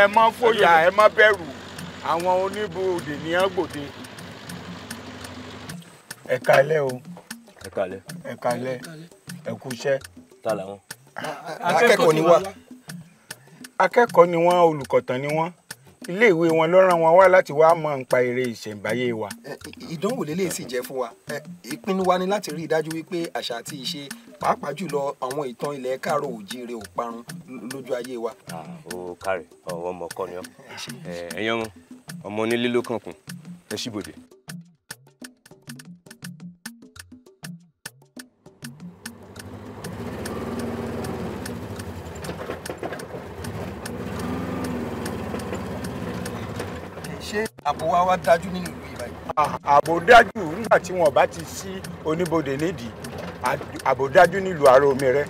ẹ má fòyà ẹ má bẹ̀rù àwọn oníbòde ní agbòde. ẹ kalẹ́ o. ẹ kalẹ́. ẹ kalẹ́ ẹ kúṣẹ́. ta làwọn. akẹ́kọ̀ọ́ ni wá akẹ́kọ̀ọ́ ni wọ́n olùkọ̀tàn ni wọ́n iléèwé wọn ló wọn wá láti wá mọ̀ nípa eré ìṣẹ̀ǹbáyé wa ìdánwò lélẹ̀ sì jẹ́ fún wa ìpinnu wa ni láti rí i dájú wípé àṣà àti ìṣe pàápàá jùlọ àwọn ìtàn ilẹ̀ káàrọ̀ òjíire ò parun lójú ayé wa. ó kárẹ̀ ọ̀wọ́ ọmọ kọ́ni ọ́ ẹ̀yin ọmọ onílé ló ẹ ṣíbòdè. ṣé wa dájú nínú ìlú àbòdájú nígbà tí wọn bá ti sí oníbodè nídìí àbòdájú nílùú ara omi rẹ.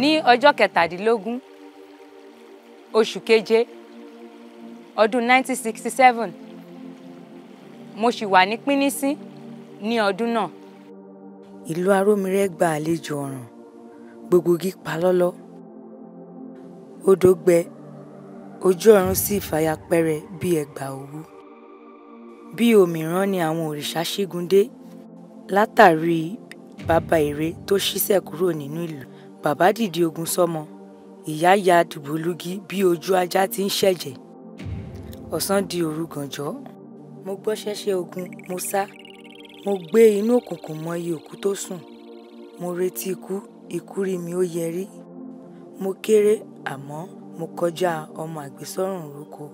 ní ọjọ́ kẹtàdínlógún oṣù keje ọdún 1967 mo sì wà ní pínísí ní ọdún náà. ìlú arómiré gba àlejò ọ̀ràn gbogbo igi pa lọ́lọ́ odò gbẹ ojú ọ̀run sì fàya pẹ́rẹ bí ẹgbà owó bí òmíràn ni àwọn òrìṣà ṣígun dé látàrí bàbá ère tó ṣíṣẹ̀ kúrò nínú ìlú bàbá dìde ogun sọ́mọ ìyá ya dùbòlùgí bí ojú ajá ti ń ṣẹ̀jẹ̀ ọ̀sán di òru gànjọ́ mo gbọ́ ṣẹ́ṣẹ́ ogun mo sá mo gbé inú òkùnkùn mọ iye òkú tó sùn mo retí ikú ikú rí mi ó yẹrí mo kéré àmọ́ mo kọjá ọmọ àgbésọ́rùn roko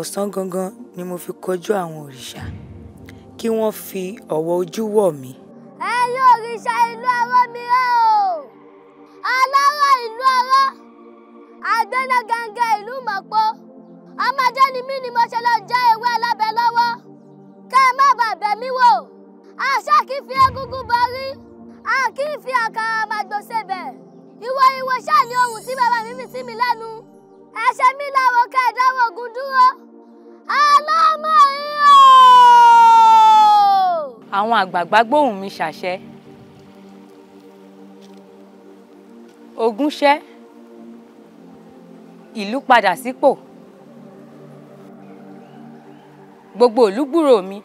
ọ̀sán gangan ni mo fi kọjú àwọn òrìṣà kí wọ́n fi ọ̀wọ̀ ojú wọ̀ mí. ẹ̀yin òrìṣà ìlú ọ̀rọ̀ mi rẹ o alárò ìlú ọ̀rọ̀ àgbẹ̀nàgàngà ìlú mọ̀pọ̀ ọmọdé ni mí ni mo ṣe lọ já ewé ẹlẹ́bẹ̀ lọ́wọ́ kẹ́ ẹ má bàa bẹ̀ mí wò àṣà kì í fi egungun borí a kì í fi àkàrà màgbò ṣebẹ̀ ìwọ ìwọ ṣáà ohun tí bàbá mi fi sí mi lẹ́nu ẹ ṣe mí láwọn kẹ́ ẹ dáwọ́ ogun dúró aláàmọ́ yìí o. àwọn àgbààgbà gbóhùn mi ṣàṣẹ ogúnṣẹ́ ìlú padà sípò. Si gbogbo ìlúgbúrò mi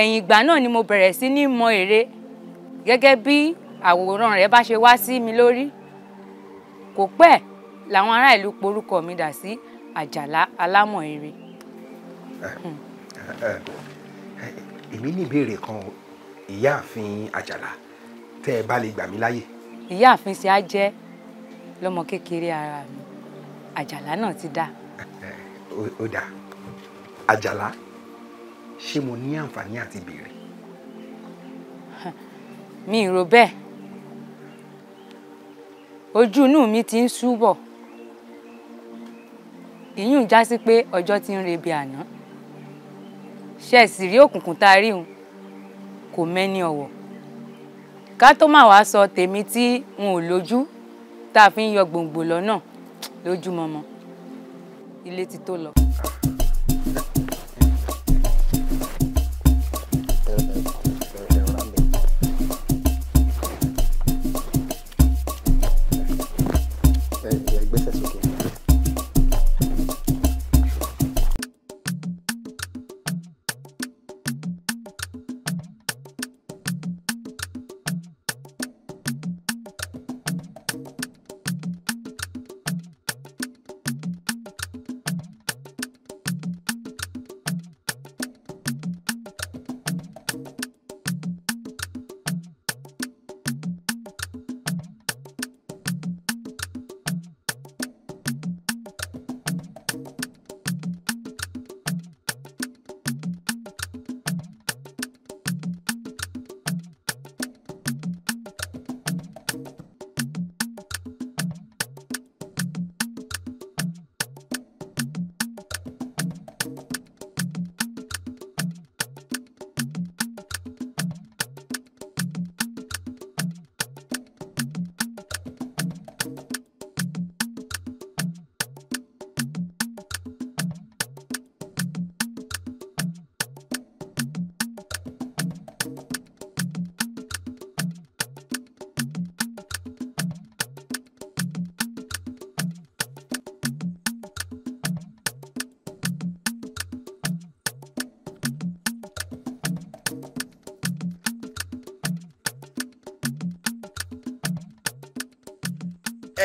ẹ̀yìn ìgbà náà ni mo bẹ̀rẹ̀ sí ní mọ ère gẹ́gẹ́ bí àwòrán rẹ̀ bá ṣe wá sí mi lórí kò pẹ́ làwọn ará ìlú porúkọ mi dà sí àjàlá alámọ̀ ère. èmi ní ìbéèrè kan ìyáàfin àjàlá tẹ́ ẹ bá lè gbà mí láyè. ìyáàfin ṣe á jẹ́ lọ́mọ kékeré ara mi àjàlá náà ti dá. ó dáa àjàlá ṣé mo ní àǹfààní àti béèrè. mi ì rò bẹ́ẹ̀ ojú inú mi ti ń ṣúbọ̀ ìyún já sí pé ọjọ́ ti ń rebi àná ṣe sì rí òkùnkùn tá a rí hun kò mẹ́ni ọ̀wọ̀ ká tó má wàá sọ tèmi tí n ò lójú tá a fi ń yọ gbòǹgbò lọ́nà lójúmọmọ ilé ti tó lọ.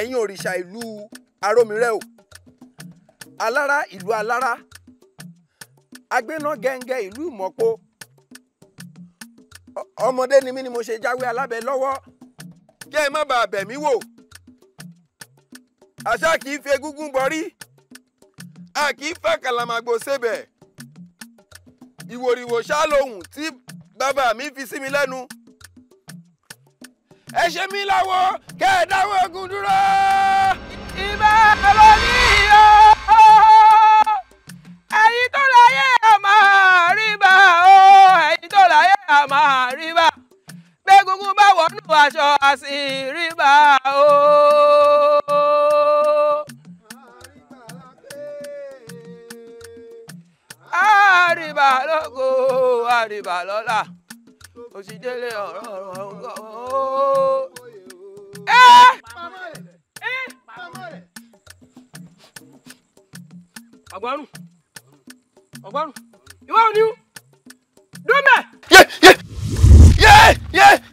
ẹ̀yin òrìṣà ìlú arómirẹ́ o alára ìlú alára agbéná gẹ́ngẹ́ ìlú ìmọ̀po ọmọdé ni mí ni mo ṣe jáwé alábẹ́ lọ́wọ́ kí ẹ má bàa bẹ̀ mí wò àṣà kì í fi egúngún bọrí a kì í fa kàlàmàgbò sebẹ̀ ìwòrìwò ṣáà lòun tí bàbá mi fi sí mi lẹ́nu ẹ ṣe mí láwo kẹ́ ẹ dáwọ́ ogun dúró. ìbẹ́ ẹ̀rọ ní ìyó ẹ̀yin tó láyé àmà àríbà o ẹ̀yin tó láyé àmà àríbà gbẹ́gungun bá wọnú aṣọ àṣìríbà o. àríbà lógo àríbà lọ́la òṣìdélé ọ̀rọ̀ ọ̀rọ̀ ọ̀gọ́ ọgbọrun ọgbọrun ìwọ ò ní dúró mẹ. yé yé yé yé.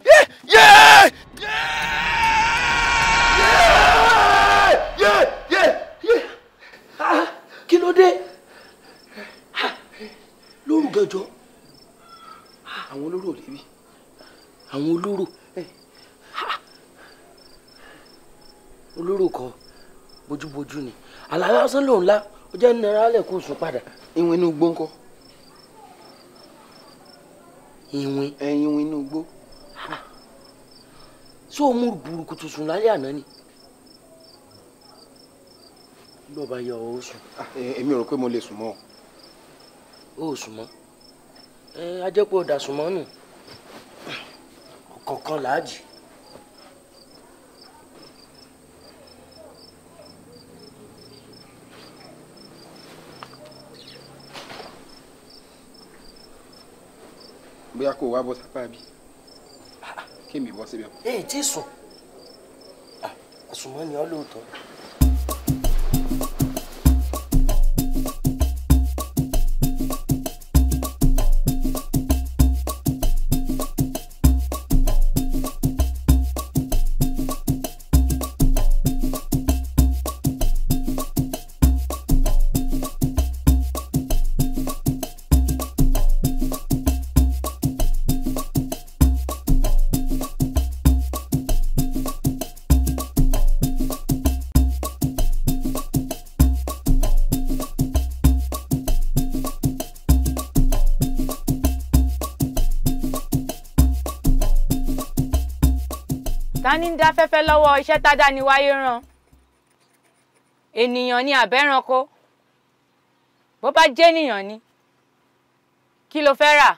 lò ńlá ó jẹ́ náírà padà ìwìn inú igbó ńkọ́. ìwìn. ẹyin ìwìn inú igbó. ṣé o mú burúkutu sùn lálẹ́ àná ni. bọ́ba yọ ọ sùn. Ah, èmi emi rò pé mo lè sùn mọ́ ọ. o sùn mọ́ ajẹ́pọ̀ ọ̀dà sùn mọ́ bóyá kò wá bọ́ sápá bí kémi bọ́ síbẹ̀. ẹ eh, ẹ tí ì sùn ah, àsùnmọ́ ni ọ lóòótọ́. tani ń dá fẹ́fẹ́ lọ́wọ́ iṣẹ́ tádá ni wáyé rán ènìyàn ni àbẹ́ranko bó bá jẹ́nìyàn ni kí lo fẹ́ rà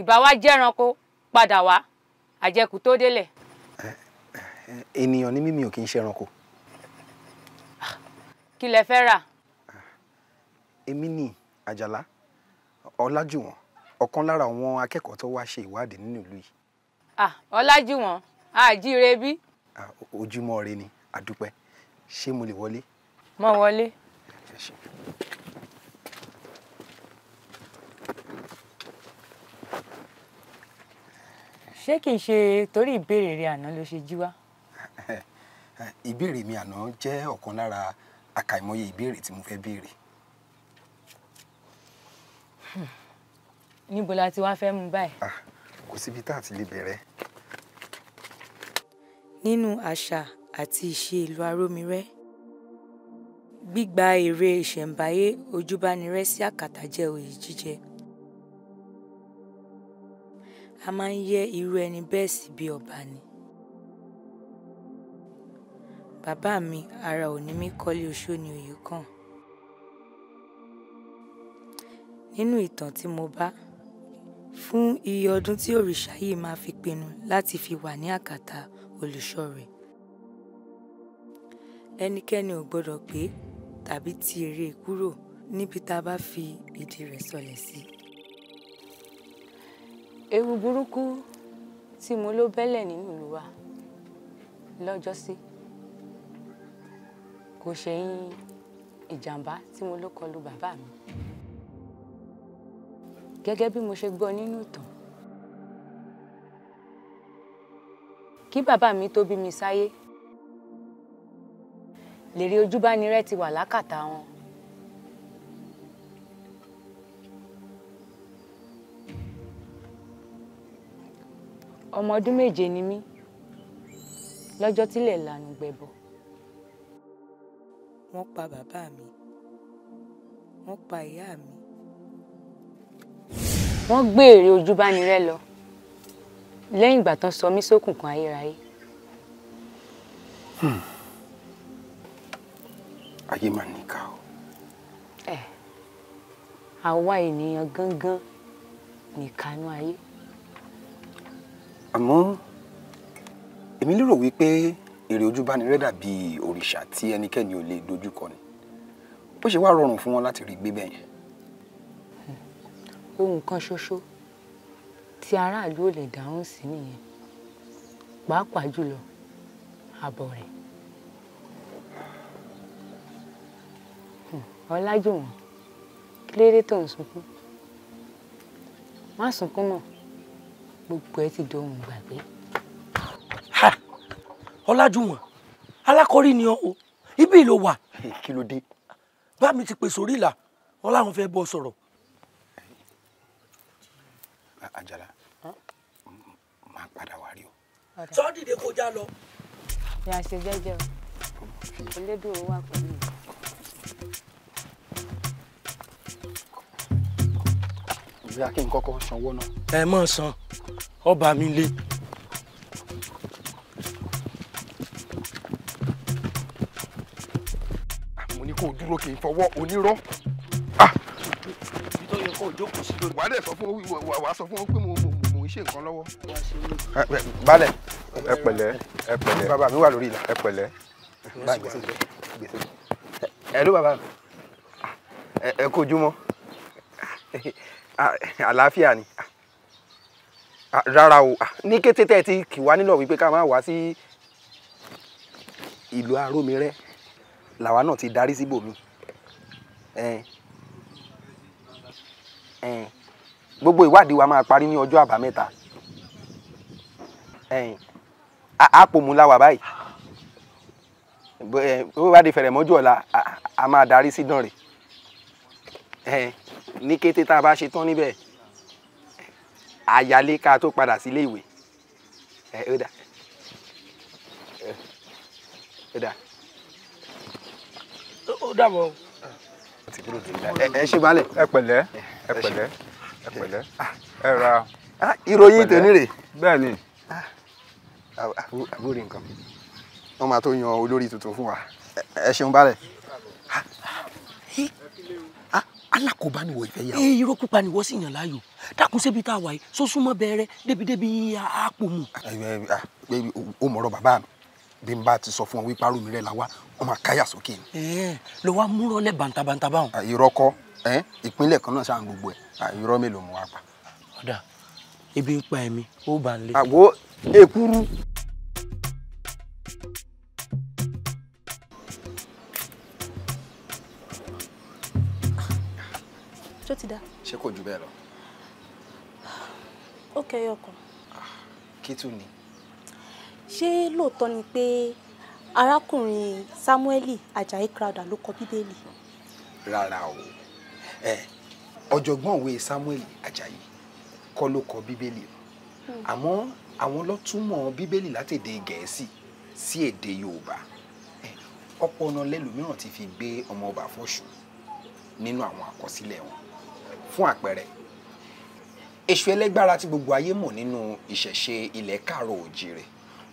ìbá wa jẹ́ranko padà wá àjẹkù tó délẹ̀. ènìyàn ni mímí ò kì í ṣe ẹranko. kí lẹ fẹ́ rà. èmi ni àjàlá ọlájúwọ̀n ọ̀kan lára àwọn akẹ́kọ̀ọ́ tó wá ṣe ìwádìí nínú ìlú yìí. Ah, ọlájúwọ̀n. Ah, àjíire bí. ojúmọ́ rẹ ni àdúpẹ́ ṣé mo lè wọlé. mo wọlé. ṣé kìí ṣe torí ìbéèrè rẹ àná ló ṣe jí wá. ìbéèrè mi àná jẹ́ ọ̀kan lára àkàìmọye ìbéèrè tí mo fẹ́ béèrè. Hmm. níbo la ti wá fẹ́ mú báyìí. Ah, kò síbi tá a ti lè bẹ̀rẹ̀. Nínú àṣà àti ìṣe ìlú Arómiré, gbígba ère ìṣẹ̀mbáyé Ojúbánirẹ́ sí àkàtà jẹ́ oyè jíjẹ. A máa ń yẹ́ irú ẹni bẹ́ẹ̀ sí bí ọba ni. Bàbá mi, ará onímí kọ́lé oṣó ni oyè kàn. Nínú ìtàn tí mo bá, fún iye ọdún tí òrìṣà yìí máa fi pinnu láti fi wà ní àkàtà Olùṣọ́rẹ̀. Ẹnikẹ́ni ò gbọdọ̀ gbé tàbí ti ère kúrò níbi tá a bá fi ìdí rẹ̀ sọlẹ̀ sí. Ewu burúkú tí mo ló bẹ́lẹ̀ nínú ìlú wa lọ́jọ́sí kò ṣẹ̀yìn ìjàmbá tí mo ló kọlu bàbá mi gẹ́gẹ́ bí mo ṣe gbọ́ nínú ìtàn kí bàbá mi tó bí mi sáyé lèrè ojúbánirẹ́ ti wà lákàtà wọn. ọmọ ọdún méje ni mí lọ́jọ́ tílẹ̀ lànà gbẹ̀bọ̀. wọ́n pa bàbá mi wọ́n pa ìyá mi. wọ́n gbé èrè ojúbánirẹ́ lọ lẹ́yìn ìgbà tán sọ mí sókùnkùn ayérayé. Hmm. ayé máa níkà o. ẹ àwa ènìyàn gángan nìkanú ayé. àmọ́ èmi lérò wípé èrè ojú bá ní rẹ́ dàbí òrìṣà tí ẹnikẹ́ni ò lè dojúkọ ni ó ṣe wá rọrùn fún wọn láti rí gbé bẹ́ẹ̀ yẹn. Hmm. ohun kan ṣoṣo tí aráàlú ò lè dáhùn sí nìyẹn pàápàá jùlọ àbọ̀ rẹ̀. Hmm, ọlájùwọ̀n kí lérè tó ń sunkún má sunkún mọ́ gbogbo ẹ ti dohun gbàgbé. ọlájùwọ̀n alákọ̀rí ni ọ́ o ibí ló wà. kí ló dé. bá mi ti pèsè orí ìlà wọn láwọn fẹ́ bọ́ sọ̀rọ̀ àjàlá máa padà wá rí o. sọ dìde kó já lọ. ìyá ṣe jẹ́jẹ́ o elédùn owó wà pẹ̀lú mi. ìyá kí n kọ́kọ́ sanwó náà. ẹ mọ̀ san ọba mi lé. mo ní kó o dúró kí n fọwọ́ onírọ́. Ah! yẹ kó jókòó sí lórí. wàá dẹ̀ sọ fún wàá sọ fún wọn pé mo mo mo ń ṣe nǹkan lọ́wọ́. balẹ̀ ẹ pẹ̀lẹ́ ẹ pẹ̀lẹ́ bàbá mi wà lórí ìlà ẹ pẹ̀lẹ́. bàbá mi ẹ kojúmọ́ àlàáfíà ni rárá o ní kété tẹ́ ẹ ti kì wá nílọ̀ wípé ká máa wá sí ìlú arómirẹ́ làwa náà ti darí síbòmí gbogbo ìwádìí wa máa parí ní ọjọ́ àbámẹ́ta àpòmùlà wà báyìí bó bá di fẹ̀rẹ̀ mọ́jú ọ̀la a máa darí sí dán rẹ̀ ní kété tá a bá ṣe tán níbẹ̀ àyálé ká tó padà sílé ìwé ó dà ó dà ó ẹ ṣe balẹ̀. ẹ pẹ̀lẹ́ ẹ pẹ̀lẹ́ ẹ pẹ̀lẹ́ ẹ ra. Ah, ìròyìn tèmi rè. bẹ́ẹ̀ ni. Ah, ah, àbúrò nǹkan wọ́n máa tó yan olórí tuntun fún wa ẹ ṣeun balẹ̀. Eh, alákòóbá ni wọ́n ìfẹ́ yà. ee eh, irọ́ pípa ni wọ́n sì yàn láàyò dákun sébi tá a wà yìí sọ́súnmọ́ bẹ̀rẹ̀ débi débi àpò mu. o mọ̀rọ̀ bàbá mi bí n bá ti sọ fún ọ wípé arúmi rẹ la wá wọn máa káyà sókè ni. ló wá múrọ lẹ bàǹtàbàǹtà báwọn. irọ́ kọ́ ìpínlẹ̀ kan náà ṣáà ń gbogbo ẹ̀ irọ́ mélòó mu wá pa. ọ̀dà ebi ń pa ẹ̀mí ó bá ń lé. àwo èkúrú. tó ti dá. ṣé kò jù bẹ́ẹ̀ lọ. ó kẹyọ kan. kí tún ni ṣé lóòótọ́ ni pé arákùnrin Samueli Ajayi Crowther ló kọ bíbélì. rárá o ẹ ọ̀jọ̀gbọ́n òwe Samueli Ajayi kọ́ ló kọ bíbélì hmm. àmọ́ àwọn ló túmọ̀ bíbélì látèdè gẹ̀ẹ́sì sí èdè Yorùbá ọ̀pọ̀ ọ̀nà lẹ́lòmíràn ti fi gbé ọmọ ọba fọ́ṣù nínú àwọn àkọsílẹ̀ wọn fún àpẹẹrẹ èṣù ẹlẹ́gbára tí gbogbo ayé mọ̀ nínú ìṣẹ̀ṣe ilẹ̀ káàrọ̀ òjìrè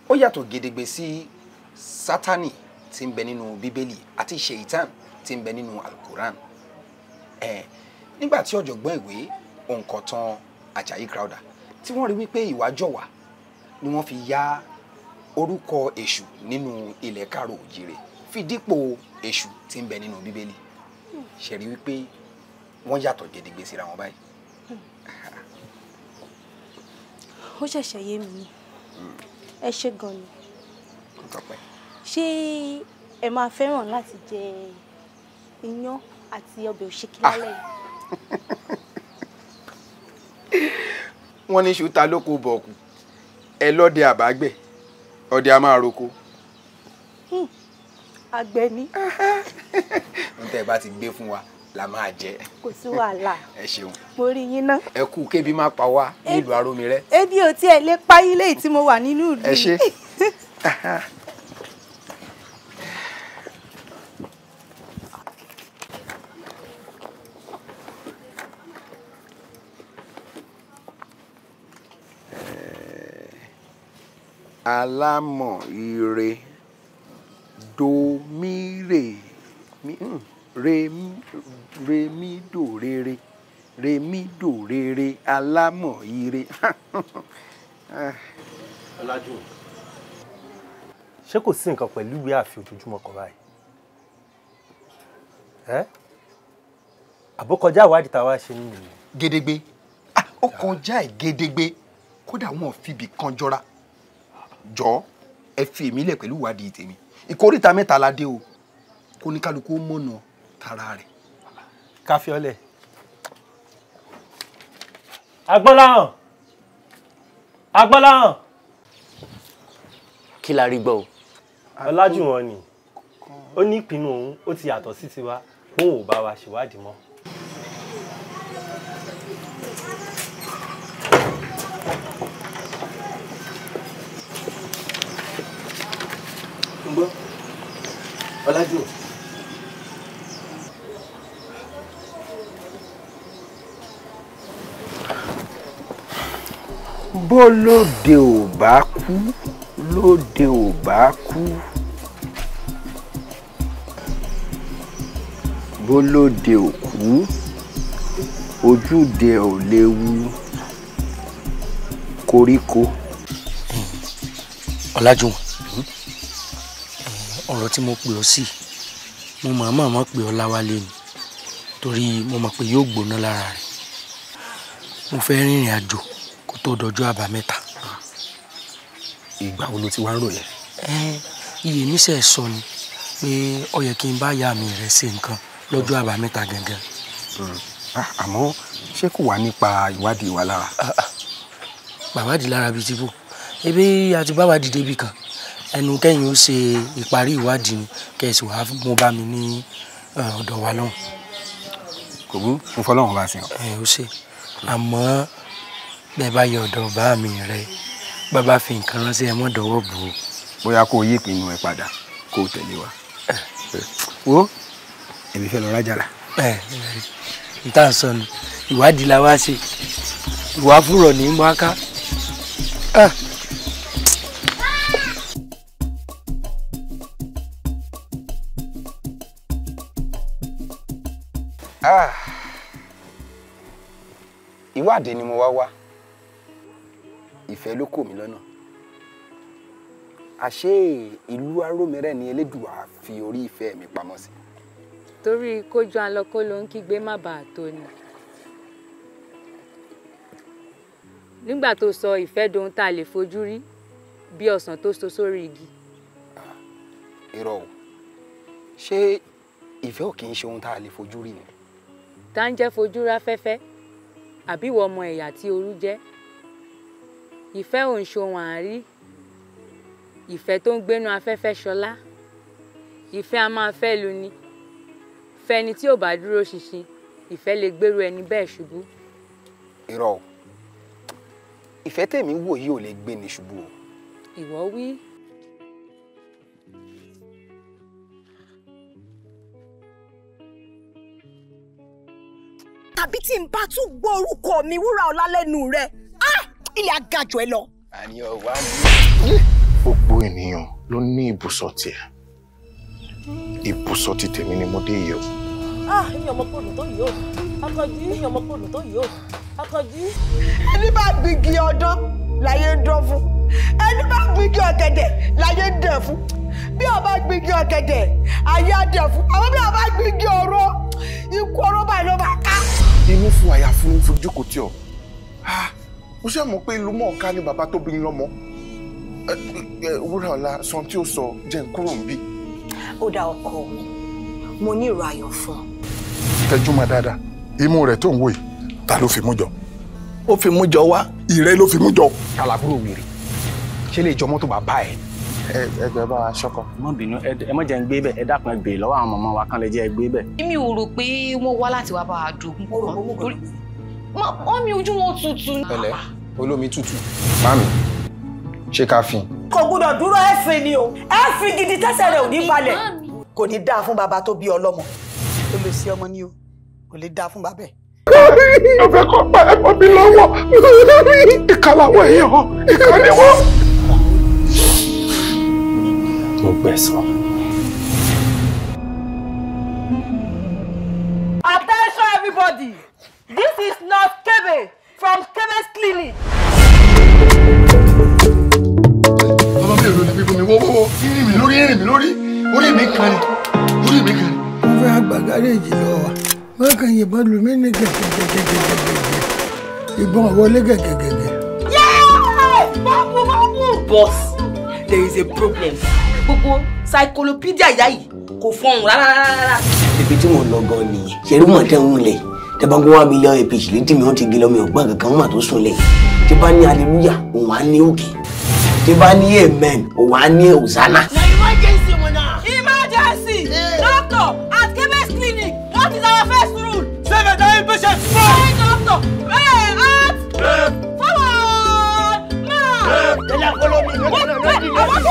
ó yàtọ̀ gedegbe sí sátani tí ń bẹ nínú bíbélì àti sheitan tí ń bẹ nínú alukuran ẹ nígbà tí ọ̀jọ̀gbọ́n ìwé òǹkọ̀tàn Ajayi Crowther tí wọ́n rí wípé ìwà jọ̀wà ni wọ́n fi ya orúkọ èṣù nínú ilẹ̀ kárò òjìrè fìdípò èṣù tí ń bẹ nínú bíbélì ṣe rí wípé wọ́n yàtọ̀ gedegbe síra wọn báyìí. ó ṣẹ̀ṣẹ̀ yé mi. Mm ẹ ṣe gan ni ṣé ẹ máa fẹ́ràn láti jẹ iyán àti ọbẹ̀ òṣèké ah. lálẹ́ yìí. wọ́n ní ṣùtà lóko bọ̀ọ̀kù ẹ lọ́dẹ àbágbẹ̀ ọdẹ a máa roko. Hmm, àgbẹ̀ ni. n tẹ́ ẹ bá ti gbé fún wa la máa jẹ. kò sí wàhálà. ẹ ṣeun. mo rí yín ná. ẹ kú kébi máa pa wá nílùú arómi rẹ. ebi ò tiẹ̀ lè pa ilé tí mo wà nínú ìlú. ẹ ṣe. Eh, alámọ̀ ire domire mi. Mm remidorere remidorere alámọ̀ ire. ọ̀làjú ṣé kò sí nǹkan pẹ̀lú ìwé àfi ojoojúmọ́ kan báyìí ẹ́ àbókọjá ìwádìí táwa ṣe ń nìyí. gédégbé ah, ó kọjá ẹ̀ gédégbé kódà wọn ò fìbì kan jọra jọ ẹ fi èmi lẹ̀ pẹ̀lú ìwádìí tèmi ìkórìtà mẹ́ta la dé o kó ní kálukú tara rẹ̀ káfíọ́lẹ̀. agbọ́láhàn agbọ́láhàn. kí la rí gbọ́ o. ọlájúwọ̀n ni ó ní ìpinnu òun ó ti yàtọ̀ sí tiwa òun ò bá wa ṣèwádìí mọ́. ọlájúwọ̀n. bó lóde ò bá kú lóde ò bá kú bó lóde ò kú ojúde ò léwu koríko. ọ̀làjúwọ̀n ọ̀rọ̀ tí mo pè ọ́ sí mo màmá mọ̀ pé ọ̀làwálé ni torí mo mọ̀ pé yóò gbóná lára rẹ̀ mo fẹ́ rìnrìn àjò tó dọjọ́ àbámẹ́ta ìgbà wo ló ti wá ń ròyìn. ẹ iye níṣẹ́ sọ ni pé ó yẹ kí n bá ya mi rẹ̀ ṣe nǹkan lọ́jọ́ àbámẹ́ta gangan. Hmm. Ah, àmọ́ ṣé kò wá nípa ìwádìí wa lára. Ah, ah. bàbá di lára bíi ti bò ebi àti bàbá dìde bì kan ẹnu kẹ́yìn ó ṣe ìparí ìwádìí ni kẹsì wàá mú bá mi ní ọ̀dọ̀ wa lọ́hùn. kò bú mo fọlọ́run bá ṣe ẹ ó ṣe àmọ́ bẹ́ẹ̀ bá yọ ọ̀dọ̀ bá mi rẹ bàbá fi nǹkan ránṣẹ́ ẹ mọ́dọ̀wọ́ bò ó. bóyá kó o yí ìpinnu ẹ padà kó o tẹ̀lé wa. wo èmi fẹ́ lọ rájà rà. ẹ n tà ń sọnù ìwádìí la wá sí ìwà fúrọ̀ ní mọ́ká. Ah. ìwádìí ni mo wá wá ìfẹ́ ló kò mí lọ́nà àṣé ìlú arómirẹ́ ni elédùà fi orí ìfẹ́ mi pamọ́ sí. torí kójú alọ́kó ló ń kígbe má bàa tó ni. nígbà tó sọ ìfẹ́ dohun tá a lè fojú rí bí ọ̀sán tó so sórí igi. Ah, irọ́ o ṣé ìfẹ́ ò kì í ṣe ohun tá a lè fojú rí ni. tá ń jẹ́ fojú ráfẹ́fẹ́ àbí ìwọ ọmọ ẹ̀yà tí orú jẹ́ ìfẹ́ òun ṣohun àárí ìfẹ́ tó ń gbénu afẹ́fẹ́ ṣọlá ìfẹ́ a máa fẹ́ lu ni fẹ́ni tí ò bá dúró ṣinṣin ìfẹ́ lè gbèrú ẹni bẹ́ẹ̀ ṣubú. irọ́ o ìfẹ́ tèmi wò yìí ò lè gbé ni ṣubú o. ìwọ wí. tàbí tí n bá tún gbọ́ orúkọ mi wúrà ọlá lẹ́nu rẹ̀ ilẹ̀ agajù ẹ lọ. gbogbo ènìyàn ló ní ibùsọ̀ tiẹ̀ ibùsọ̀ ti tèmi ni mo dé yìí o. ah èmi ọmọ pọ̀lù tó yìí o akọjú èmi ọmọ pọ̀lù tó yìí o akọjú. ẹni bá gbígi ọdán láyé ń dán fún ẹni bá gbígi ọ̀gẹ̀dẹ̀ láyé ń dẹ̀ fún bí o bá gbígi ọ̀gẹ̀dẹ̀ ayé á dẹ̀ fún àwọn bí o bá gbígi ọ̀rọ̀ ikú ọ̀rọ̀ báyìí ló bá ká. inú fún àyà fún fojú kò tí o mo ṣe àmọ́ pé ìlú mọ̀ọ́ká ni bàbá tó bí ń lọ́mọ wúrà ọ̀la san tí ó sọ jẹ́ ń kúrò ń bí. ó dá ọkọ mi mo ní ìrọ̀ ayọ̀ fún un. tẹjú ma dáadáa imú rẹ tó ń wò yìí ta ló fi mú jọ. ó fi mú jọ wá ìrẹ ló fi mú jọ. kàlàkùrò wèrè ṣé lè jọ mọ́tò bàbá ẹ̀. ẹ ẹ jẹ bá wa ṣọkọ. má bínú ẹ má jẹ́ ń gbé bẹ́ẹ̀ ẹ dákun ẹ gbé lọ́wọ́ àwọn ọmọ wa kan lè jẹ́ ẹ gbé bẹ́ẹ̀. èmi ò rò pé wọ́n wá láti wá bá a dogun wọ́n mi ojú wọn tutù. ẹlẹ olómi tutù mami ṣé ká fin. kò gbúdọ̀ dúró ẹ̀fìn ni o ẹ̀fìn gidi tẹ́sẹ̀ rẹ̀ ò ní balẹ̀ kò ní dáa fún bàbá tó bí ọlọ́mọ ó lè sí ọmọ ní o kò lè dáa fún bàbá ẹ̀. ló fẹ́ kọ́ pa ẹ̀fọ́ mi lọ́wọ́ ìkà làwọn èèyàn ìkà ni mo gbẹ̀sán. This is not Kebe from Kebe's clinic. Bàbá mi ò lórí bíbú mi wọ́wọ́wọ́, irin mi lórí irin mi lórí, orí mi kan ni, orí mi kan ni. Mo fẹ́ àgbà gáréèjì lọ wa, wọ́n kàn yìnbọn lù mí ní gẹ̀gẹ̀gẹ̀gẹ̀gẹ̀. Ìbọn wọlé gẹ̀gẹ̀gẹ̀gẹ̀. Bọ́ọ̀bù bọ́ọ̀bù. Boss, there is a problem. Gbogbo encyclopedia ìyá yìí kò fọhùn rárá. Ibi tí mo lọ gan nìyẹn, ṣerú mọ̀tẹ́ ń lẹ̀ tẹ bá ń gbọ́n wá mi yan èpè ìṣèlédì mi wọ́n ti gé lọ́mọ ìgbọ́n kankan wọ́n mà tó sùn lẹ̀ tẹ bá ní hallelujah òun á ní òkè tẹ bá ní amen òun á ní òsánà. na emergency muna. emergency doctor at kebes clinic what is our first rule. seven dying patients. hey doctor hey heart. forward march. tẹ̀lé àkọlọ́ mi lọ́dún lọ́dún lọ́dún.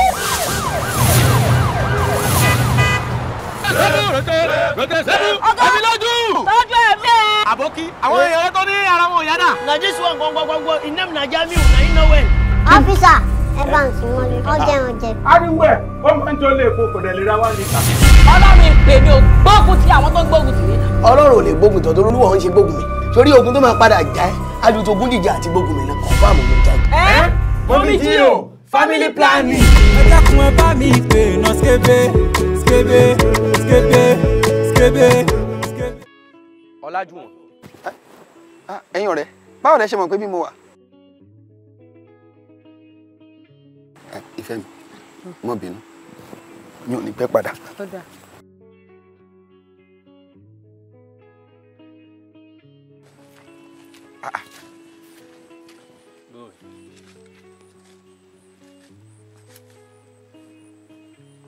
Ọ̀gá! àbókí àwọn eh? èèyàn tó ní ara wọn yàrá. na this one gbọngbọngbọngbọ inem na jamiu na you know well. ọfíìsà evans mọlẹ ọjẹ ọjẹ. ariwo ẹ wọn máa ń tó lé epo kò dẹ̀ lè ra one litre. ọlọ́run ìpè mi ò gbógun ti àwọn tó ń gbógun tì mí. ọlọ́run ò lè gbógun tọ̀ tó lórí wọn ń ṣe gbógun mi torí ogun tó máa padà já ẹ ajuto ogun jíjà àti gbógun mi náà confam eh? Eh? mi family planning. Ah, ẹ̀yin ọ̀rẹ́ báwo lẹ ṣe mọ̀ pé bí mo wà. ìfẹ́ ah, mi mọ̀ bínú mi ò ní pẹ́ padà. Ah,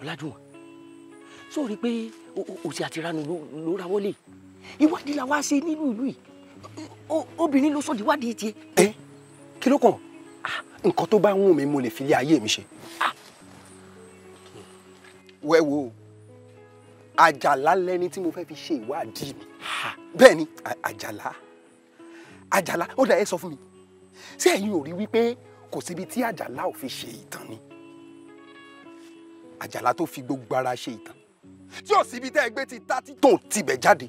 ọ̀làjúwọ̀n sórí pé òsì àtìránù ló ra wọlé ìwádìí la wá ṣe nínú ìlú yìí obìnrin ló sọ di wádìí tiẹ̀. ẹ kí ló kàn ah. nǹkan tó bá ń wù mí mo lè fi lé ayé mi ṣe. Ah. wẹ́ wo àjàlá lẹ́ni tí mo fẹ́ fi ṣe ìwádìí mi bẹ́ẹ̀ ni àjàlá àjàlá ó dà ẹ sọ fún mi ṣé ẹ̀yin ò rí wípé kò síbi tí àjàlá ò fi ṣe ìtàn ni àjàlá tó fi gbogbo ara ṣe ìtàn tí ò síbi tẹ́ ẹ gbé ti tá títò tibẹ̀ jáde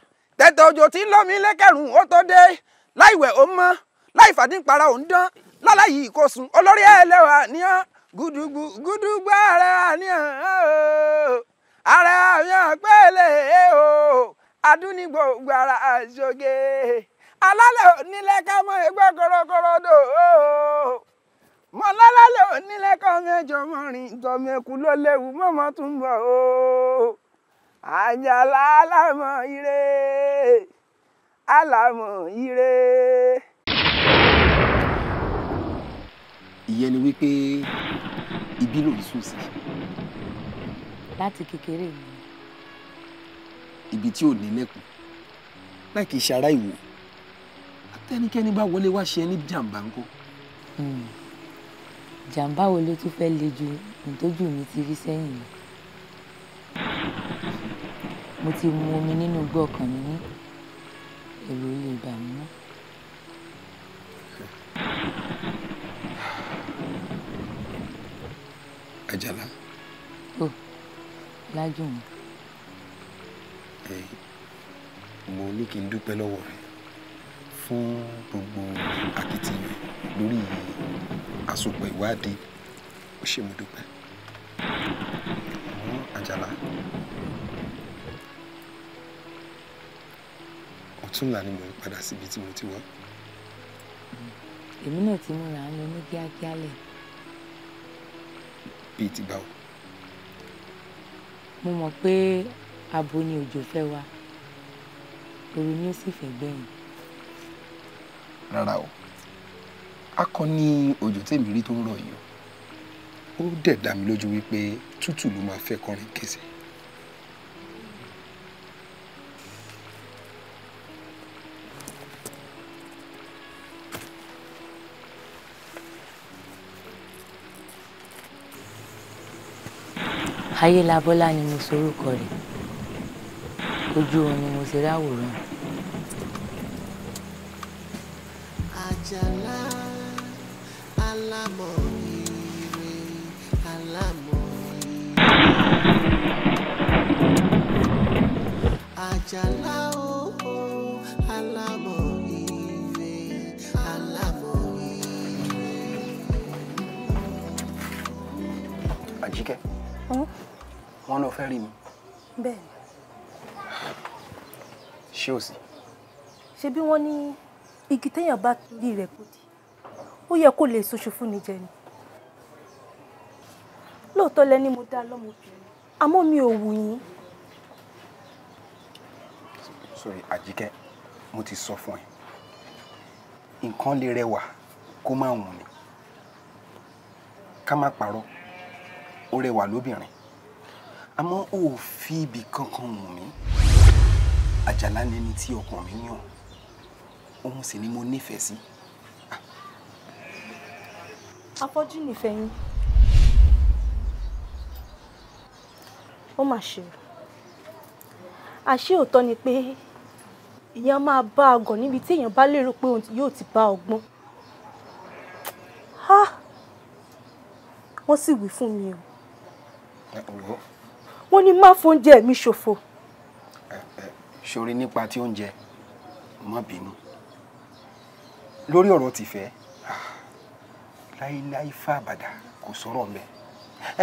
tẹ̀tẹ̀ òjò tí ń lómi lẹ́kẹ̀rùn ó tó dé láìwẹ̀ ó mọ́ láì fàdínpara ò ń dán lálàyé ìkósun olórí ẹlẹ́wà ní ọ́ ààrẹ ààrẹ àpẹẹlẹ o adúnigbò gbàrà àṣoge alálẹ̀ onílẹ̀ ká lálálẹ̀ ló léwu tún bọ̀ o. àjàlá àlàmọ̀ ire àlàmọ̀ ire. ìyẹn ni wípé ibi lòun sùn sí. láti kékeré mi. ibi tí ò ní lẹ́kùn láì kì í ṣe ará ìwò àtẹnikẹ́ni bá wọlé wá ṣe ní jàǹbá ńkọ́. Hmm. jàǹbá wo ló tún fẹ́ le ju nítòjú mi ti rí sẹ́yìn mo ti mu omi nínú igbó ọkàn mi ní èrò ilé ìdààmú náà. Àjàlá. o lájú mi. ẹ mo ní kí n dúpẹ́ lọ́wọ́ rẹ fún gbogbo akitiyan lórí àsopọ̀ ìwádìí ó ṣe mo dúpẹ́. àmọ́ Àjàlá. ọ̀túnla ni mo ń padà síbi tí mo ti wá. èmi náà ti múra ń lọ ní kíákíá lẹ̀. bíi ti báwo. mo mọ̀ pé abo ni òjò fẹ́ wa òru ni ó sì fẹ́ gbẹ̀yìn. rárá o akọ ni òjò tèmi rí tó ń rọ̀ yìí o ó dẹ̀ dá mi lójú wípé tútù ló máa fẹ́ kọrin kése. ayélabọ́lá ni mo sorúkọ rẹ̀ ojú òun ni mo ti ráwòrán. àjàlá alámọ̀ ire alámọ̀ ire àjàlá. wọ́n lọ fẹ́ rí mi. bẹ́ẹ̀ ṣé ò sí. ṣe bí wọ́n ní igi téèyàn bá torí rẹ̀ kò dì ó yẹ kó lè ṣoṣo ni jẹ ni lóòótọ́ lẹ́ni mo dá lọ́mọbìnrin àmọ́ mi ò wù yín. sorry àjíkẹ́ mo ti sọ fún ẹ nǹkan lè rẹwà kó má wùn ni ká má parọ́ ó rẹwà lóbìnrin àmọ́ ò fi ibì kankan wù mí àjàlá lẹni tí ọkàn mi yàn òun sì ni mo nífẹ̀ẹ́ sí. afọ́jú nìfẹ́ yín ó mà ṣe àṣé òótọ́ ni pé èèyàn máa bá ọgàn níbi tí èèyàn bá lérò pé yóò ti bá ọgbọ́n wọ́n sì wí fún mi o wọ́n ní má fóúnjẹ mi ṣòfò. ṣorí nípa tí oúnjẹ má bínú lórí ọ̀rọ̀ tìfẹ́ ah, láíláí fàbàdà kò sọ̀rọ̀ mẹ́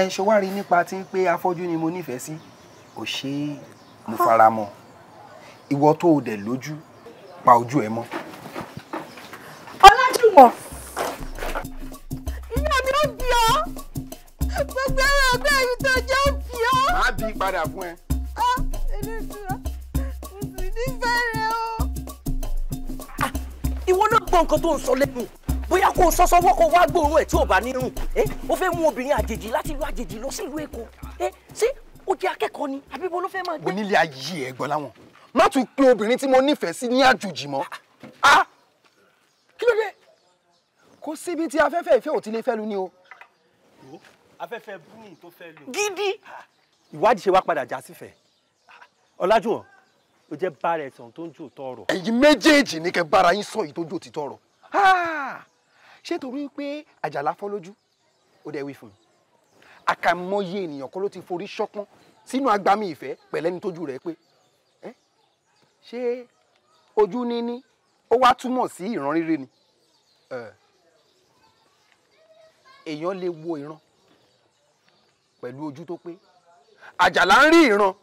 ẹ ṣe wá rí nípa tí pé afọ́jú ni mo nífẹ̀ẹ́ sí ò ṣe é mo fara mọ́ ìwọ tó o dẹ̀ lójú pa ojú ẹ mọ́. ọlájúmọ̀. padà fún ẹ. a ah, ilé ah, ìwọ náà gbọ́ nǹkan tó ń sọ lẹ́nu bóyá kó o sọ kó o wá gbóòórùn ẹ̀ tí ò bá nírùn ó eh, fẹ́ mú obìnrin àjèjì láti ìlú àjèjì lọ sí èkó eh, ṣé ó jẹ́ akẹ́kọ̀ọ́ ni àbí bo ló fẹ́ máa gbé. onílé ayé ẹ gbọ́ láwọn má tún pe obìnrin tí mo nífẹ̀ẹ́ sí ní àjòjì mọ́ ah, kí ló dé kò síbi tí afẹ́fẹ́ ìfẹ́ ò lè fẹ́ lu ni o. afẹ́fẹ́ búni tó fẹ́ lu. gidi ìwádìí ṣe wá padà já sífẹ̀ẹ́ ọ̀làjúwọ̀n ló jẹ́ bára ẹ̀ sàn tó ń jò tọrọ. ẹ̀yin méjèèjì ní kẹ́ bára yín sọ èyí tó ń jò ti tọrọ. ṣé torí pé àjàlá fọ́ lójú ó dẹ̀ wí fún mi àkàmọye ènìyàn kan ló ti forí ṣọpọ́n sínú agbami ìfẹ́ pẹ̀lẹ́ni tójú rẹ̀ pé ṣé ojú níní ó wá túmọ̀ sí ìran rere ni èèyàn lè wo ìran pẹ̀lú ojú tó pé àjàlá ń rí ìran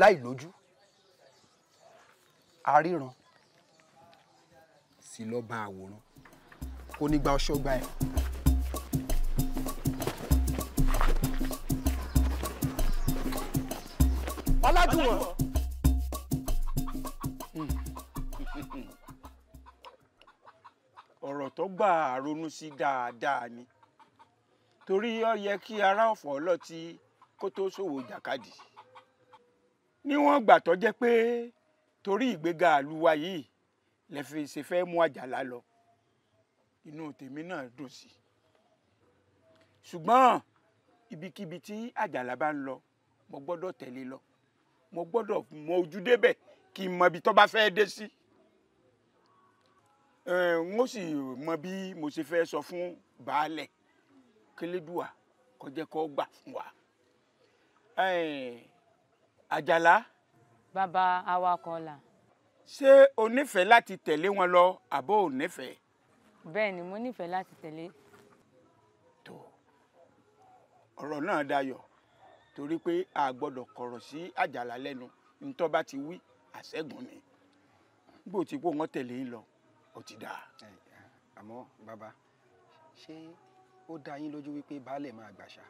láì lójú aríran sì lọ bá àwòrán kó nígbà ọṣọgbà ẹ. ọlájúwọ̀n hmm. ọ̀rọ̀ tó gbà ronú sí dáadáa ni torí ó yẹ kí ará ọ̀fọ̀ ọlọ́tí kó tó ṣòwò jàkadì níwọ̀n ìgbà tó jẹ́ pé torí ìgbéga àlùwà yìí lẹ fi ṣe fẹ́ mú àjàlá lọ inú tèmi náà dùn sí ṣùgbọ́n ibikíbi tí àjàlá bá ń lọ mo gbọ́dọ̀ tẹ̀lé lọ mo gbọ́dọ̀ mọ ojú débẹ̀ kí n mọ ibi tó bá fẹ́ dé sí n ó sì mọ bí mo ṣe fẹ́ sọ fún baálẹ̀ kélédùà kó jẹ́ gbà fún wa àjàlá. bàbá awakọ̀ ọ̀la. ṣé o nífẹ̀ẹ́ láti tẹ̀lé wọn lọ àbó ò nífẹ̀ẹ́. bẹ́ẹ̀ ni mo nífẹ̀ẹ́ láti tẹ̀lé. tó ọ̀rọ̀ náà dayọ̀ torí pé a gbọ́dọ̀ kọ̀rọ̀ sí àjàlá lẹ́nu ntọ́ bá ti wí àṣẹ́gun ni bó ti kó wọn tẹ̀lé ń lọ ó ti dáa. àmọ́ bàbá ṣé ó dá yín lójú wípé baálẹ̀ máa gbàṣà